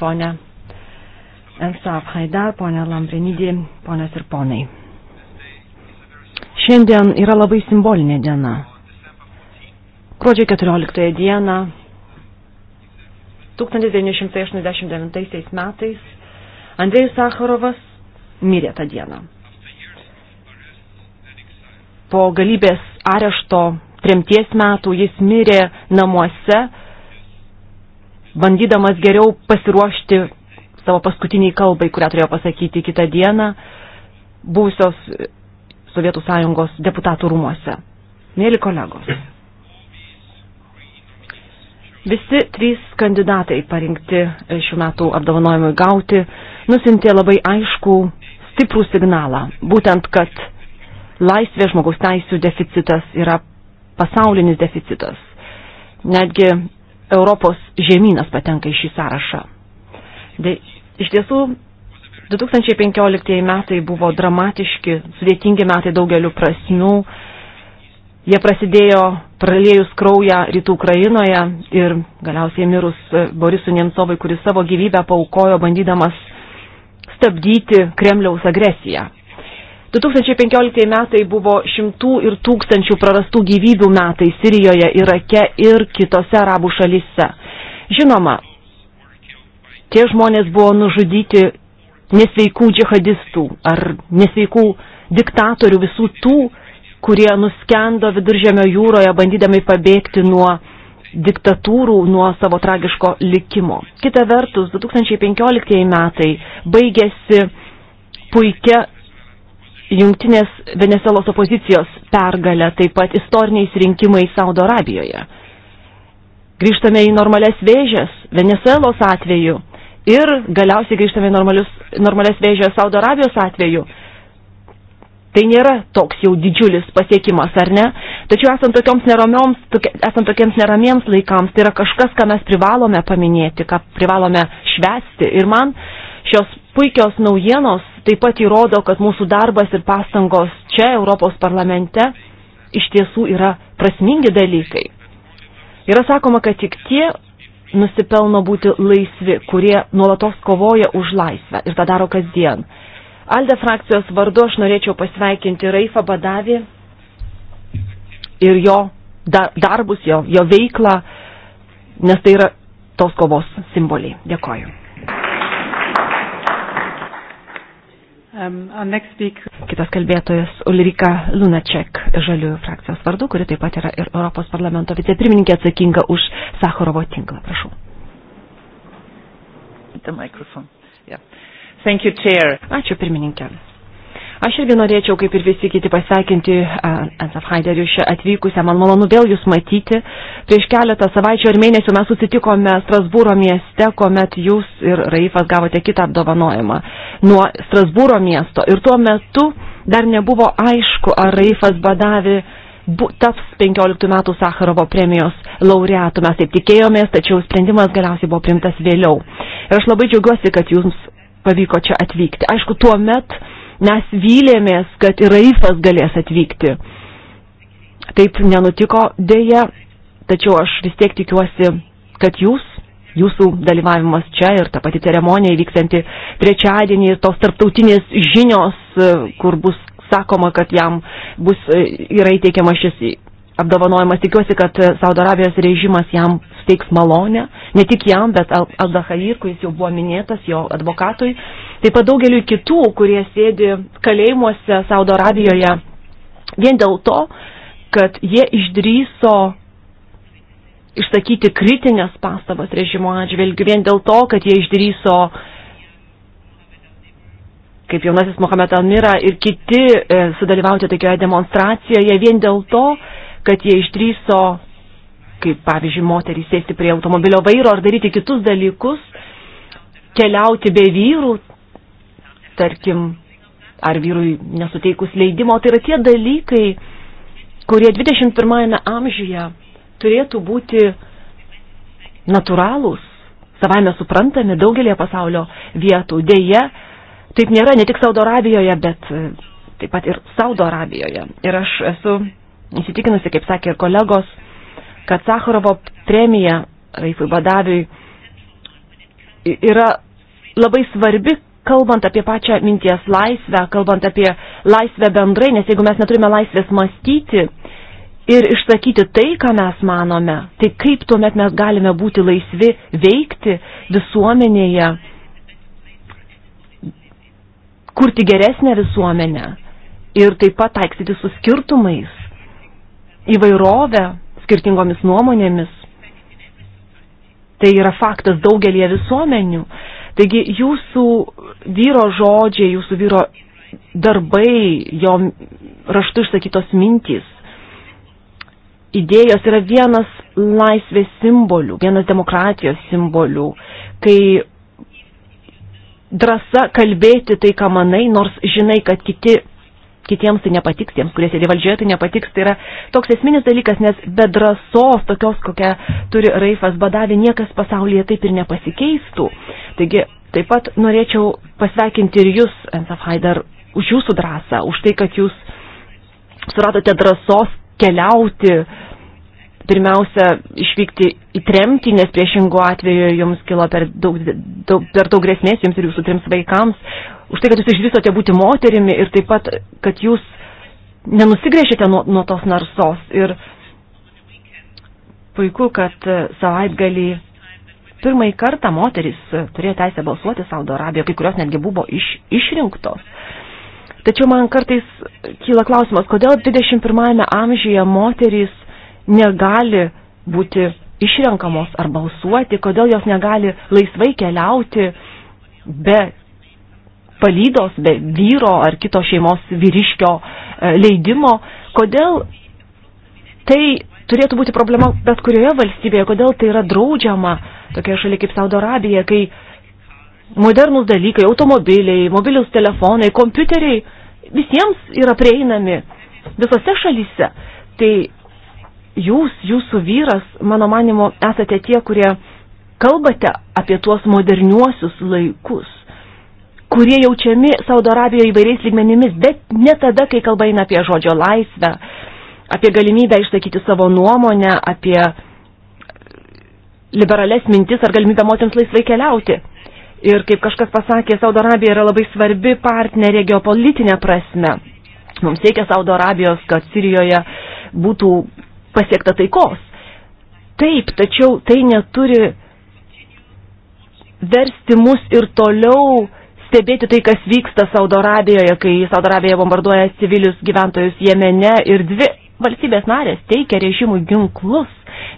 ponė Ensaf Haidar, ponė Lambrinidį, ponės ir ponai. Šiandien yra labai simbolinė diena. Gruodžio 14 dieną 1989 metais Andrėjus Sakharovas mirė tą dieną. Po galybės arešto tremties metų jis mirė namuose, bandydamas geriau pasiruošti savo paskutiniai kalbai, kurią turėjo pasakyti kitą dieną buvusios Sovietų Sąjungos deputatų rūmuose. Mėly kolegos. Visi trys kandidatai parinkti šių metų apdovanojimui gauti nusintė labai aišku stiprų signalą, būtent kad laisvė žmogaus teisų deficitas yra pasaulinis deficitas. Netgi Europos žemynas patenka į šį sąrašą. De, iš tiesų, 2015 metai buvo dramatiški, sudėtingi metai daugeliu prasmių. Jie prasidėjo praliejus kraują rytų Ukrainoje ir galiausiai mirus e, Borisui Nemcovui, kuris savo gyvybę paukojo bandydamas stabdyti Kremliaus agresiją. 2015 metai buvo šimtų ir tūkstančių prarastų gyvybių metai Sirijoje, Irake ir kitose arabų šalyse. Žinoma, tie žmonės buvo nužudyti nesveikų džihadistų ar nesveikų diktatorių visų tų, kurie nuskendo viduržėmio jūroje, bandydami pabėgti nuo diktatūrų, nuo savo tragiško likimo. Kita vertus, 2015 metai baigėsi puikia jungtinės Venezuelos opozicijos pergalę, taip pat istoriniais rinkimais Saudo Arabijoje. Grįžtame į normales vėžės Venezuelos atveju ir galiausiai grįžtame į normalius, normales vėžės Saudo Arabijos atveju. Tai nėra toks jau didžiulis pasiekimas, ar ne? Tačiau esant, tokioms neromioms, tokia, esant tokiems neramiems laikams, tai yra kažkas, ką mes privalome paminėti, ką privalome švesti. Ir man šios puikios naujienos taip pat įrodo, kad mūsų darbas ir pastangos čia, Europos parlamente, iš tiesų yra prasmingi dalykai. Yra sakoma, kad tik tie nusipelno būti laisvi, kurie nuolatos kovoja už laisvę ir tą daro kasdien. Alde frakcijos vardu aš norėčiau pasveikinti Raifą Badavį ir jo darbus, jo, jo veiklą, nes tai yra tos kovos simboliai. Dėkoju. Um, Kitas kalbėtojas Ulrika Lunacek, žaliųjų frakcijos vardu, kuri taip pat yra ir Europos parlamento vicepirmininkė atsakinga už Sakharovo tinklą. Prašau. The microphone. Yeah. Thank you, Chair. Ačiū pirmininkė. Aš irgi norėčiau, kaip ir visi kiti, pasveikinti Ansaf Haiderių šią atvykusią. Man malonu vėl jūs matyti. Prieš keletą savaičių ar mėnesių mes susitikome Strasbūro mieste, kuomet jūs ir Raifas gavote kitą apdovanojimą nuo Strasbūro miesto. Ir tuo metu dar nebuvo aišku, ar Raifas Badavi taps 15 metų Sakarovo premijos laureatų. Mes taip tikėjomės, tačiau sprendimas galiausiai buvo primtas vėliau. Ir aš labai džiaugiuosi, kad jums pavyko čia atvykti. Aišku, tuo met mes vylėmės, kad ir Raifas galės atvykti. Taip nenutiko dėja, tačiau aš vis tiek tikiuosi, kad jūs, jūsų dalyvavimas čia ir ta pati ceremonija įvyksanti trečiadienį ir tos tarptautinės žinios, kur bus sakoma, kad jam bus, yra įteikiamas šis apdovanojimas. Tikiuosi, kad Saudo Arabijos režimas jam steiks malonę ne tik jam, bet Al-Dahair, Al kuris jau buvo minėtas, jo advokatui, taip pat daugeliu kitų, kurie sėdi kalėjimuose Saudo Arabijoje vien dėl to, kad jie išdryso išsakyti kritinės pastabas režimo atžvilgių, vien dėl to, kad jie išdryso, kaip jaunasis Mohamed Almira ir kiti, e, sudalyvauti tokioje demonstracijoje, vien dėl to, kad jie išdryso kaip pavyzdžiui moterys sėsti prie automobilio vairo ar daryti kitus dalykus, keliauti be vyrų, tarkim, ar vyrui nesuteikus leidimo. Tai yra tie dalykai, kurie 21 amžiuje turėtų būti natūralūs, savame suprantami daugelėje pasaulio vietų. Deja, taip nėra ne tik Saudo Arabijoje, bet e, taip pat ir Saudo Arabijoje. Ir aš esu įsitikinusi, kaip sakė ir kolegos, kad Sakharovo premija Raifui Badaviui yra labai svarbi, kalbant apie pačią minties laisvę, kalbant apie laisvę bendrai, nes jeigu mes neturime laisvės mąstyti ir išsakyti tai, ką mes manome, tai kaip tuomet mes galime būti laisvi veikti visuomenėje, kurti geresnę visuomenę ir taip pat taiksyti su skirtumais, įvairovę skirtingomis nuomonėmis. Tai yra faktas daugelie visuomenių. Taigi jūsų vyro žodžiai, jūsų vyro darbai, jo raštu išsakytos mintys, idėjos yra vienas laisvės simbolių, vienas demokratijos simbolių, kai drąsa kalbėti tai, ką manai, nors žinai, kad kiti kitiems tai nepatiks, tiems, kurie sėdi valdžioje, tai nepatiks. Tai yra toks esminis dalykas, nes be drąsos, tokios, kokią turi Raifas Badavi, niekas pasaulyje taip ir nepasikeistų. Taigi, taip pat norėčiau pasveikinti ir jūs, Ensaf Haidar, už jūsų drąsą, už tai, kad jūs suradote drąsos keliauti, pirmiausia, išvykti į tremtį, nes priešingų atveju jums kilo per daug, daug, per daug grėsmės jums ir jūsų trims vaikams už tai, kad jūs išdrįsote būti moterimi ir taip pat, kad jūs nenusigrėžėte nuo, nuo tos narsos. Ir puiku, kad e, savaitgalį pirmąjį kartą moteris e, turėjo teisę balsuoti Saudo Arabijoje, kai kurios netgi buvo iš, išrinktos. Tačiau man kartais kyla klausimas, kodėl 21 amžiuje moterys negali būti išrenkamos ar balsuoti, kodėl jos negali laisvai keliauti be palydos, be vyro ar kito šeimos vyriškio e, leidimo. Kodėl tai turėtų būti problema bet kurioje valstybėje, kodėl tai yra draudžiama tokia šalia kaip Saudo Arabija, kai modernus dalykai, automobiliai, mobiliaus telefonai, kompiuteriai visiems yra prieinami visose šalyse. Tai jūs, jūsų vyras, mano manimo, esate tie, kurie kalbate apie tuos moderniuosius laikus kurie jaučiami Saudo Arabijoje įvairiais lygmenimis, bet ne tada, kai kalba eina apie žodžio laisvę, apie galimybę išsakyti savo nuomonę, apie liberales mintis ar galimybę moteriams laisvai keliauti. Ir kaip kažkas pasakė, Saudo Arabija yra labai svarbi partnerė geopolitinė prasme. Mums reikia Saudo Arabijos, kad Sirijoje būtų pasiekta taikos. Taip, tačiau tai neturi versti mus ir toliau stebėti tai, kas vyksta Saudo Arabijoje, kai Saudo Arabija bombarduoja civilius gyventojus Jemene ir dvi valstybės narės teikia režimui ginklus,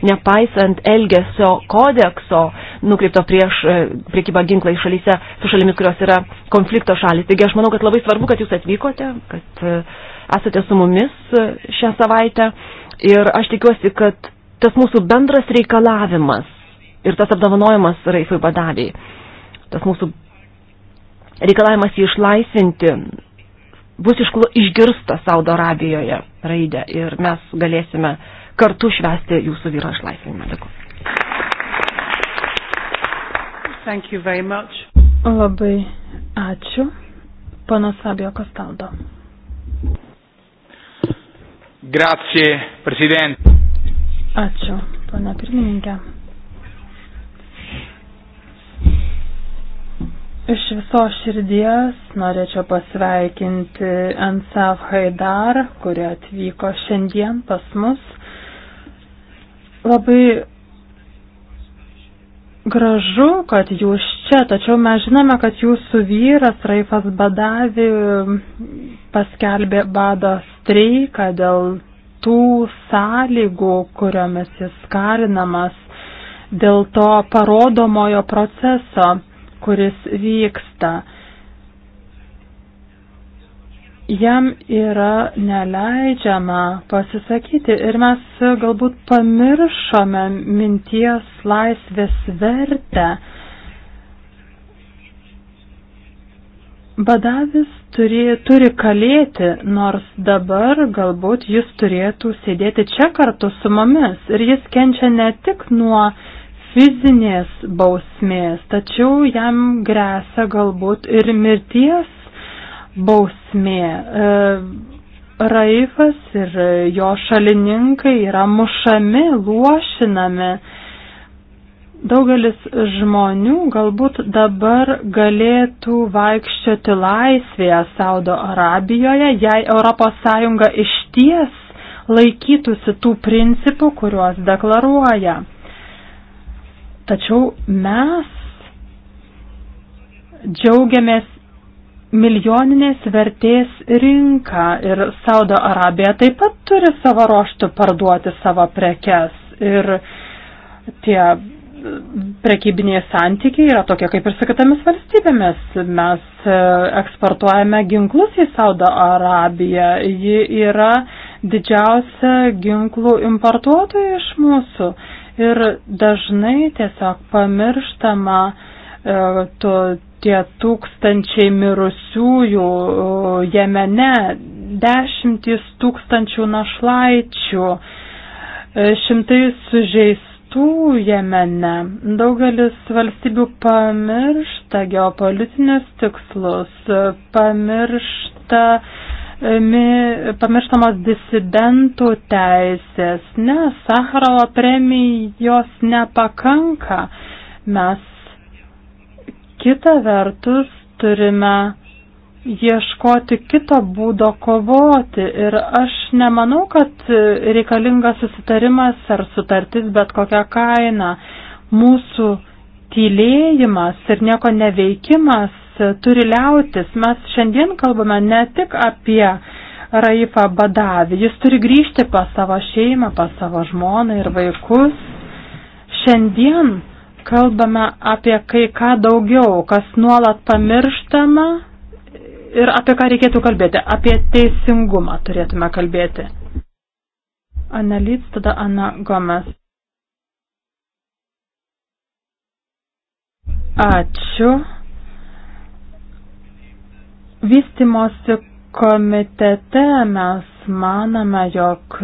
nepaisant elgesio kodekso nukreipto prieš e, priekybą ginklai šalyse, su šalimis, kurios yra konflikto šalis. Taigi aš manau, kad labai svarbu, kad jūs atvykote, kad e, esate su mumis e, šią savaitę ir aš tikiuosi, kad tas mūsų bendras reikalavimas ir tas apdovanojimas Raifui Badaviai, tas mūsų reikalavimas jį išlaisvinti bus išgirsta Saudo Arabijoje raidę ir mes galėsime kartu švesti jūsų vyro išlaisvinimą. Dėkuoju. Labai ačiū. Ponas Fabio Castaldo. Grazie, Presidente. Ačiū, pana pirmininkė. Iš viso širdies norėčiau pasveikinti Ansaf Haidar, kuri atvyko šiandien pas mus. Labai gražu, kad jūs čia, tačiau mes žinome, kad jūsų vyras Raifas Badavi paskelbė bado streiką dėl tų sąlygų, kuriomis jis karinamas, dėl to parodomojo proceso kuris vyksta. Jam yra neleidžiama pasisakyti ir mes galbūt pamiršome minties laisvės vertę. Badavis turi, turi kalėti, nors dabar galbūt jis turėtų sėdėti čia kartu su mumis ir jis kenčia ne tik nuo uh, fizinės bausmės, tačiau jam grėsia galbūt ir mirties bausmė. E, Raifas ir jo šalininkai yra mušami, luošinami. Daugelis žmonių galbūt dabar galėtų vaikščioti laisvėje Saudo Arabijoje, jei ES išties laikytųsi tų principų, kuriuos deklaruoja. Tačiau mes džiaugiamės milijoninės vertės rinką ir Saudo Arabija taip pat turi savo ruoštų parduoti savo prekes. Ir tie prekybiniai santykiai yra tokie kaip ir su kitomis valstybėmis. Mes e, eksportuojame ginklus į Saudo Arabiją. Ji yra didžiausia ginklų importuotoja iš mūsų. Uh, ir dažnai tiesiog pamirštama e, to, tie tūkstančiai mirusiųjų Jemene, dešimtys tūkstančių našlaičių, e, šimtai sužeistų rytų Jemene daugelis valstybių pamiršta geopolitinius tikslus, pamiršta pamirštamos disidentų teisės, ne, Sakharovo premijos nepakanka. Mes kita vertus turime ieškoti kito būdo kovoti ir aš nemanau, kad reikalingas susitarimas ar sutartis bet kokią kainą. Mūsų tylėjimas ir nieko neveikimas turi liautis. Mes šiandien kalbame ne tik apie Raifą Badavį. Jis turi grįžti pas savo šeimą, pas savo žmoną ir vaikus. Šiandien kalbame apie kai ką daugiau, kas nuolat pamirštama ir apie ką reikėtų kalbėti. Apie teisingumą turėtume kalbėti. Analyts, tada Ana Gomes. Ačiū. Vystimosi komitete mes manome, jog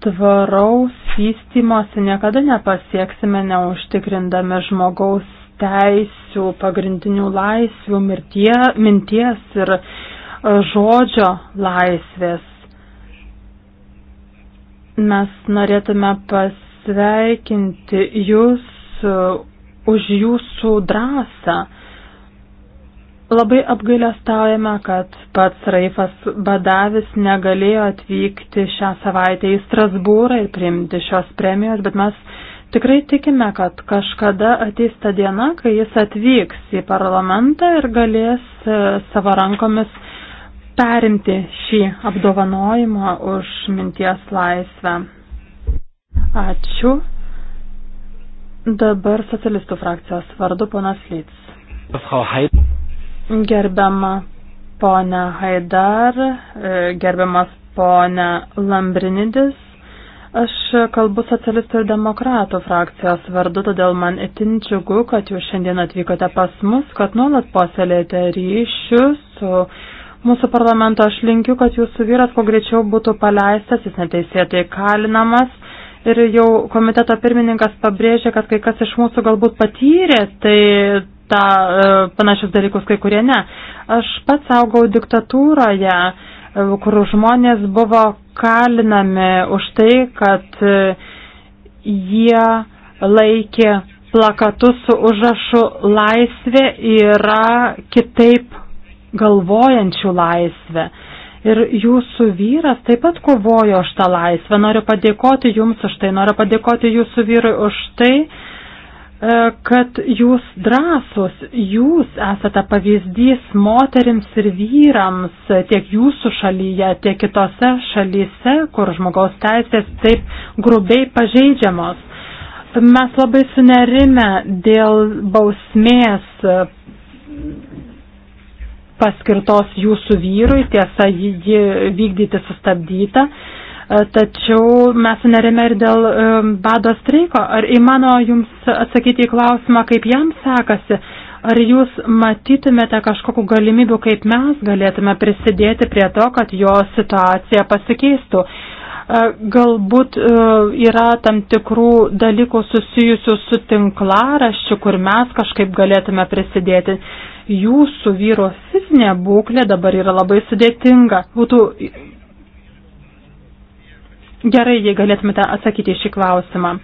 tvaraus vystimosi niekada nepasieksime neužtikrindami žmogaus teisių, pagrindinių laisvių, mirtie, minties ir e, žodžio laisvės. Mes norėtume pasveikinti jūs e, už jūsų drąsą. Labai apgailestaujame, kad pats Raifas Badavis negalėjo atvykti šią savaitę į Strasbūrą ir priimti šios premijos, bet mes tikrai tikime, kad kažkada ateis ta diena, kai jis atvyks į parlamentą ir galės e, savo rankomis perimti šį apdovanojimą už minties laisvę. Ačiū. Dabar socialistų frakcijos vardu ponas Lyts. Gerbiama ponia Haidar, e, gerbiamas ponia Lambrinidis, Aš kalbu socialistų ir demokratų frakcijos vardu, todėl man itin džiugu, kad jūs šiandien atvykote pas mus, kad nuolat puoselėte ryšius su mūsų parlamento. Aš linkiu, kad jūsų vyras kuo greičiau būtų paleistas, jis neteisėtai kalinamas. Ir jau komiteto pirmininkas pabrėžė, kad kai kas iš mūsų galbūt patyrė, tai tą e, panašius dalykus, kai kurie ne. Aš pats augau diktatūroje, e, kur žmonės buvo kalinami už tai, kad e, jie laikė plakatus su užrašu laisvė yra kitaip galvojančių laisvė. Ir jūsų vyras taip pat kovojo už tą laisvę. Noriu padėkoti jums už tai, noriu padėkoti jūsų vyrui už tai, E, kad jūs drąsus, jūs esate pavyzdys moterims ir vyrams tiek jūsų šalyje, tiek kitose šalyse, kur žmogaus teisės taip grubiai pažeidžiamos. Mes labai sunerime dėl bausmės paskirtos jūsų vyrui, tiesa, ji vykdyti sustabdyta. E, tačiau mes sunerime ir dėl e, bado streiko. Ar įmano jums atsakyti į klausimą, kaip jam sekasi? Ar jūs matytumėte kažkokiu galimybių, kaip mes galėtume prisidėti prie to, kad jo situacija pasikeistų? E, galbūt yra tam tikrų dalykų susijusių su tinklaraščiu, kur mes kažkaip galėtume prisidėti. Jūsų vyro fizinė būklė dabar yra labai sudėtinga. Būtų Gerai, jei galėtumėte atsakyti šį klausimą.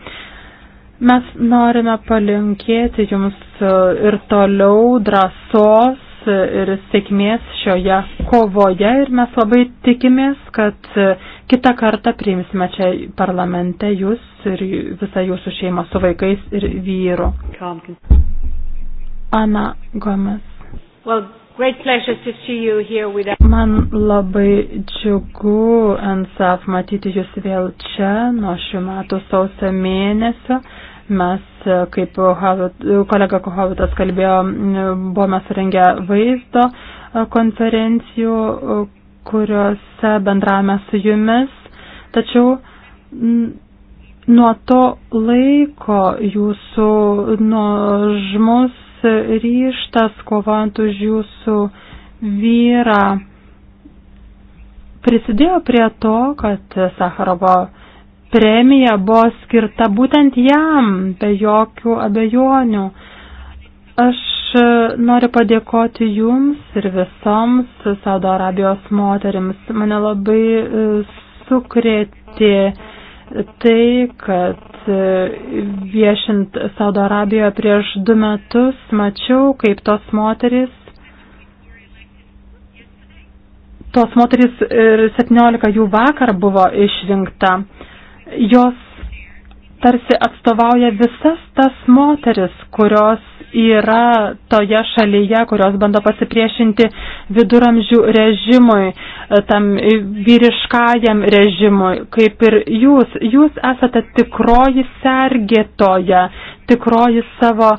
Mes norime palinkėti Jums e, ir toliau drąsos ir sėkmės šioje kovoje ir mes labai tikimės, kad e, kitą kartą priimsime čia parlamente Jūs ir visą Jūsų šeimą su vaikais ir vyru. Ana Gomes. Well, Man labai džiugu, NSAF, matyti Jūs vėl čia nuo šių metų sausio mėnesio. Mes, e, kaip kolega Kohavitas kalbėjo, buvome surengę vaizdo e, konferencijų, e, kuriuose bendravome su Jumis. Tačiau nuo to laiko Jūsų nuožmus ryštas kovant už jūsų vyrą prisidėjo prie to, kad Sakarovo premija buvo skirta būtent jam, be jokių abejonių. Aš noriu padėkoti Jums ir visoms Saudo Arabijos moterims. Mane labai e, sukrėtė tai, kad viešint Saudo Arabijoje prieš du metus mačiau, kaip tos moteris, tos moteris ir 17 jų vakar buvo išrinkta. Jos tarsi atstovauja visas tas moteris, kurios yra toje šalyje, kurios bando pasipriešinti viduramžių režimui, tam vyriškajam režimui, kaip ir jūs. Jūs esate tikroji sergėtoja, tikroji savo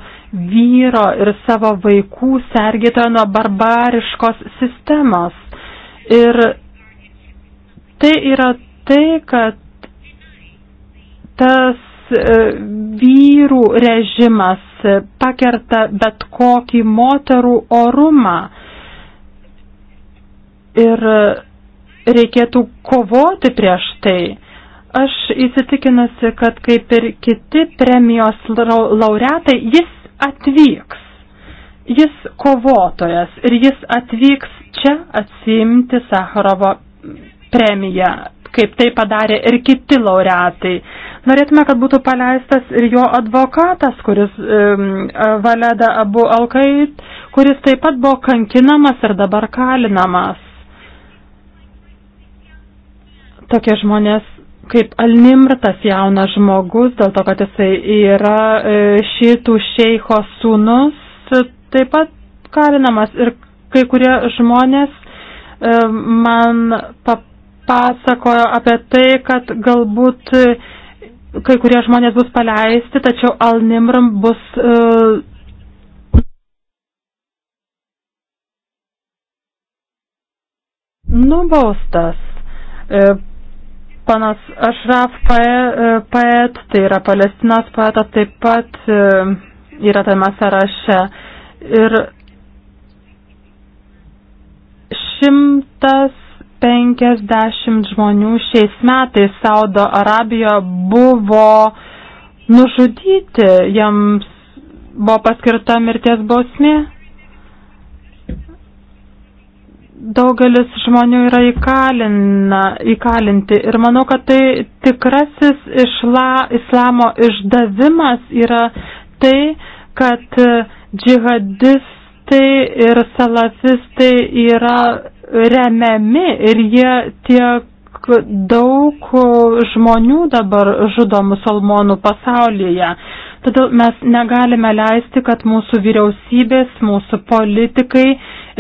vyro ir savo vaikų sergėtoja nuo barbariškos sistemos. Ir tai yra tai, kad tas E, vyrų režimas e, pakerta bet kokį moterų orumą. Ir e, reikėtų kovoti prieš tai. Aš įsitikinusi, kad kaip ir kiti premijos laureatai, jis atvyks. Jis kovotojas ir jis atvyks čia atsiimti Sakarovo premiją kaip tai padarė ir kiti laureatai. Norėtume, kad būtų paleistas ir jo advokatas, kuris um, Valeda Abu Alkait, kuris taip pat buvo kankinamas ir dabar kalinamas. Tokie žmonės kaip Alnimrtas jaunas žmogus, dėl to, kad jisai yra e, šitų šeiko sūnus, taip pat kalinamas ir kai kurie žmonės e, man papasakė, pasakojo apie tai, kad galbūt e, kai kurie žmonės bus paleisti, tačiau Al-Nimram bus uh, nubaustas. E, panas Ašraf poet, tai yra Palestinos poetas, taip pat yra tame sąraše. Ir šimtas 50 žmonių šiais metais Saudo Arabijoje buvo nužudyti, jiems buvo paskirta mirties bausmė. Daugelis žmonių yra įkalina, įkalinti ir manau, kad tai tikrasis išla, islamo išdavimas yra tai, kad džihadistai ir salafistai yra remiami ir jie tiek daug žmonių dabar žudo musulmonų pasaulyje. Todėl mes negalime leisti, kad mūsų vyriausybės, mūsų politikai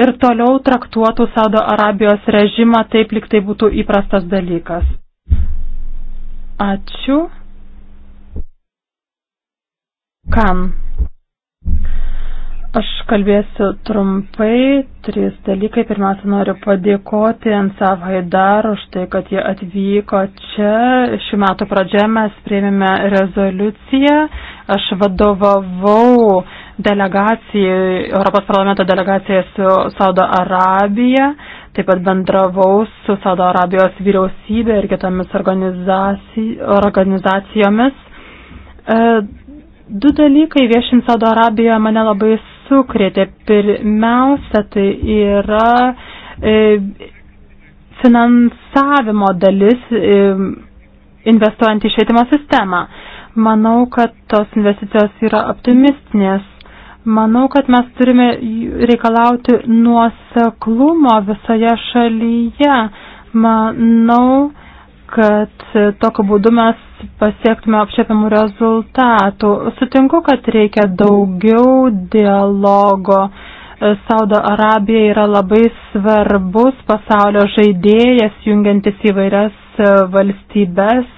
ir toliau traktuotų Saudo Arabijos režimą taip, lyg tai būtų įprastas dalykas. Ačiū. Kam? Aš kalbėsiu trumpai, trys dalykai. Pirmiausia, noriu padėkoti Ansaf Haidar už tai, kad jie atvyko čia. Šių metų pradžioje mes prieimėme rezoliuciją. Aš vadovavau delegacijai, Europos parlamento delegacijai su Saudo Arabija. Taip pat bendravau su Saudo Arabijos vyriausybė ir kitomis organizacijomis. E, Du dalykai viešint Saudo Arabijoje mane labai sukrėtė. Pirmiausia, tai yra e, finansavimo dalis e, investuojant į švietimo sistemą. Manau, kad tos investicijos yra optimistinės. Manau, kad mes turime reikalauti nuoseklumo visoje šalyje. Manau, kad tokiu būdu mes pasiektume apčiapiamų rezultatų. Sutinku, kad reikia daugiau dialogo. Saudo Arabija yra labai svarbus pasaulio žaidėjas, jungiantis įvairias valstybės,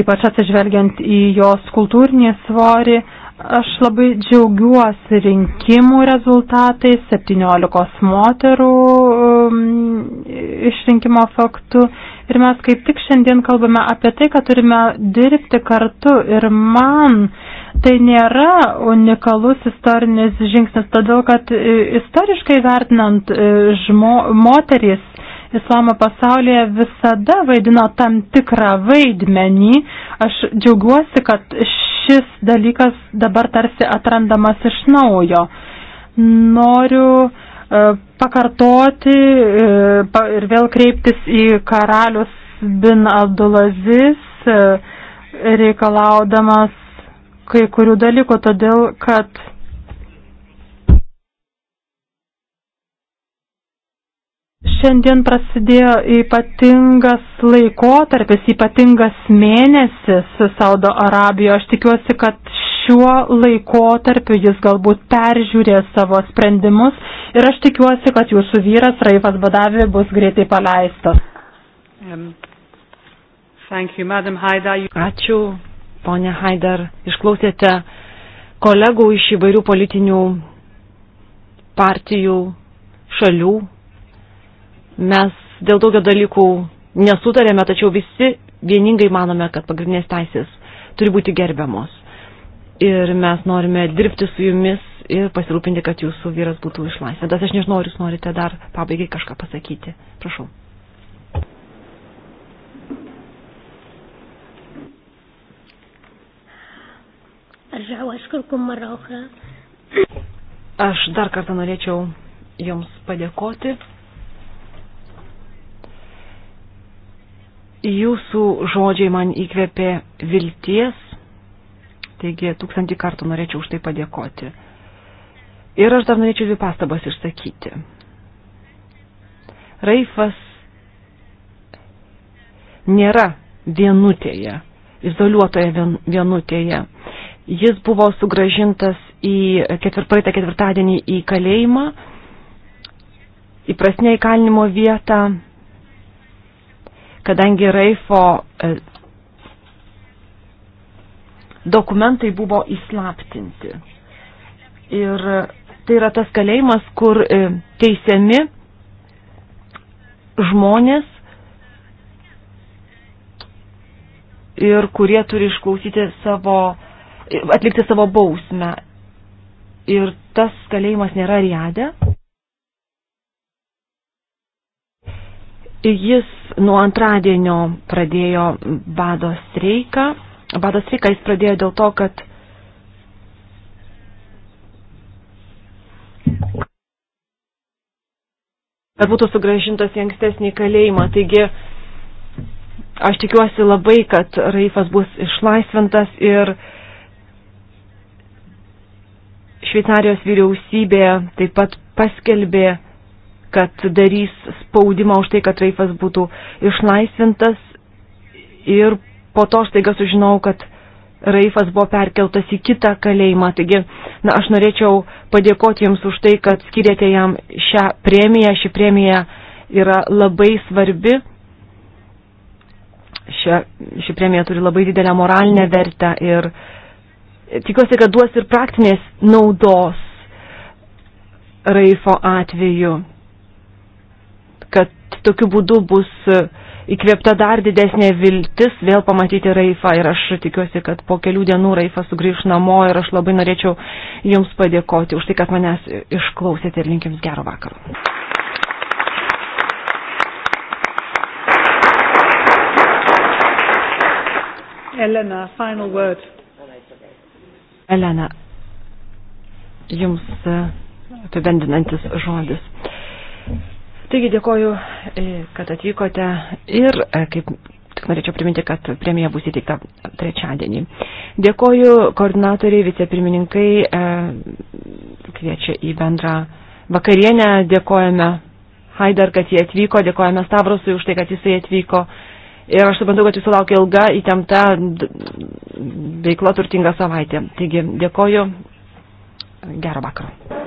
ypač atsižvelgiant į jos kultūrinį svorį. Aš labai džiaugiuosi rinkimų rezultatais, 17 moterų išrinkimo faktu. Ir mes kaip tik šiandien kalbame apie tai, kad turime dirbti kartu. Ir man tai nėra unikalus istorinis žingsnis, todėl kad e, istoriškai vertinant e, žmo, moterys islamo pasaulyje visada vaidino tam tikrą vaidmenį. Aš džiaugiuosi, kad šis dalykas dabar tarsi atrandamas iš naujo. Noriu E, pakartoti e, ir vėl kreiptis į karalius bin Abdulaziz, e, reikalaudamas kai kurių dalykų, todėl kad šiandien prasidėjo ypatingas laikotarpis, ypatingas mėnesis Saudo Arabijoje. Aš tikiuosi, kad šiuo laikotarpiu jis galbūt peržiūrės savo sprendimus ir aš tikiuosi, kad jūsų vyras Raifas Badavi bus greitai paleistas. Um, you, Ačiū, ponė Haidar. Išklausėte kolegų iš įvairių politinių partijų, šalių. Mes dėl daugio dalykų nesutarėme, tačiau visi vieningai manome, kad pagrindinės teisės turi būti gerbiamos ir mes norime dirbti su jumis ir pasirūpinti, kad jūsų vyras būtų išlaisvintas. Aš nežinau, ar jūs norite dar pabaigai kažką pasakyti. Prašau. Aš dar kartą norėčiau Jums padėkoti. Jūsų žodžiai man įkvėpė vilties Taigi tūkstantį kartų norėčiau už tai padėkoti. Ir aš dar norėčiau dvi pastabas išsakyti. Raifas nėra vienutėje, izoliuotoje vien, vienutėje. Jis buvo sugražintas į ketvirtą ketvirtadienį į kalėjimą, įprasnė įkalinimo vietą, kadangi Raifo e, dokumentai buvo įslaptinti. Ir tai yra tas kalėjimas, kur e, teisiami žmonės ir kurie turi išklausyti savo, e, atlikti savo bausmę. Ir tas kalėjimas nėra riadė. Jis nuo antradienio pradėjo bado streiką Badas streiką jis pradėjo dėl to, kad kad būtų sugražintas į ankstesnį kalėjimą. Taigi, aš tikiuosi labai, kad Raifas bus išlaisvintas ir Šveicarijos vyriausybė taip pat paskelbė, kad darys spaudimą už tai, kad Raifas būtų išlaisvintas ir po to staiga sužinau, kad Raifas buvo perkeltas į kitą kalėjimą. Taigi, na, aš norėčiau padėkoti Jums už tai, kad skirėte jam šią premiją. Ši premija yra labai svarbi. Šia, ši premija turi labai didelę moralinę vertę ir tikiuosi, kad duos ir praktinės naudos Raifo atveju, kad tokiu būdu bus uh, įkvėpta dar didesnė viltis vėl pamatyti Raifą ir aš tikiuosi, kad po kelių dienų Raifas sugrįž namo ir aš labai norėčiau Jums padėkoti už tai, kad manęs išklausėte ir linkiams gero vakaro. Elena, final word. Elena, jums e, apibendinantis žodis. Taigi dėkoju, e, kad atvykote ir e, kaip tik norėčiau priminti, kad premija bus įteikta trečiadienį. Dėkoju koordinatoriai, vicepirmininkai, e, kviečia į bendrą vakarienę, dėkojame Haidar, kad jie atvyko, dėkojame Stavrosui už tai, kad jisai atvyko. Ir aš suprantu, kad jūsų laukia ilga, įtempta veikla turtinga savaitė. Taigi dėkoju, gero vakaro.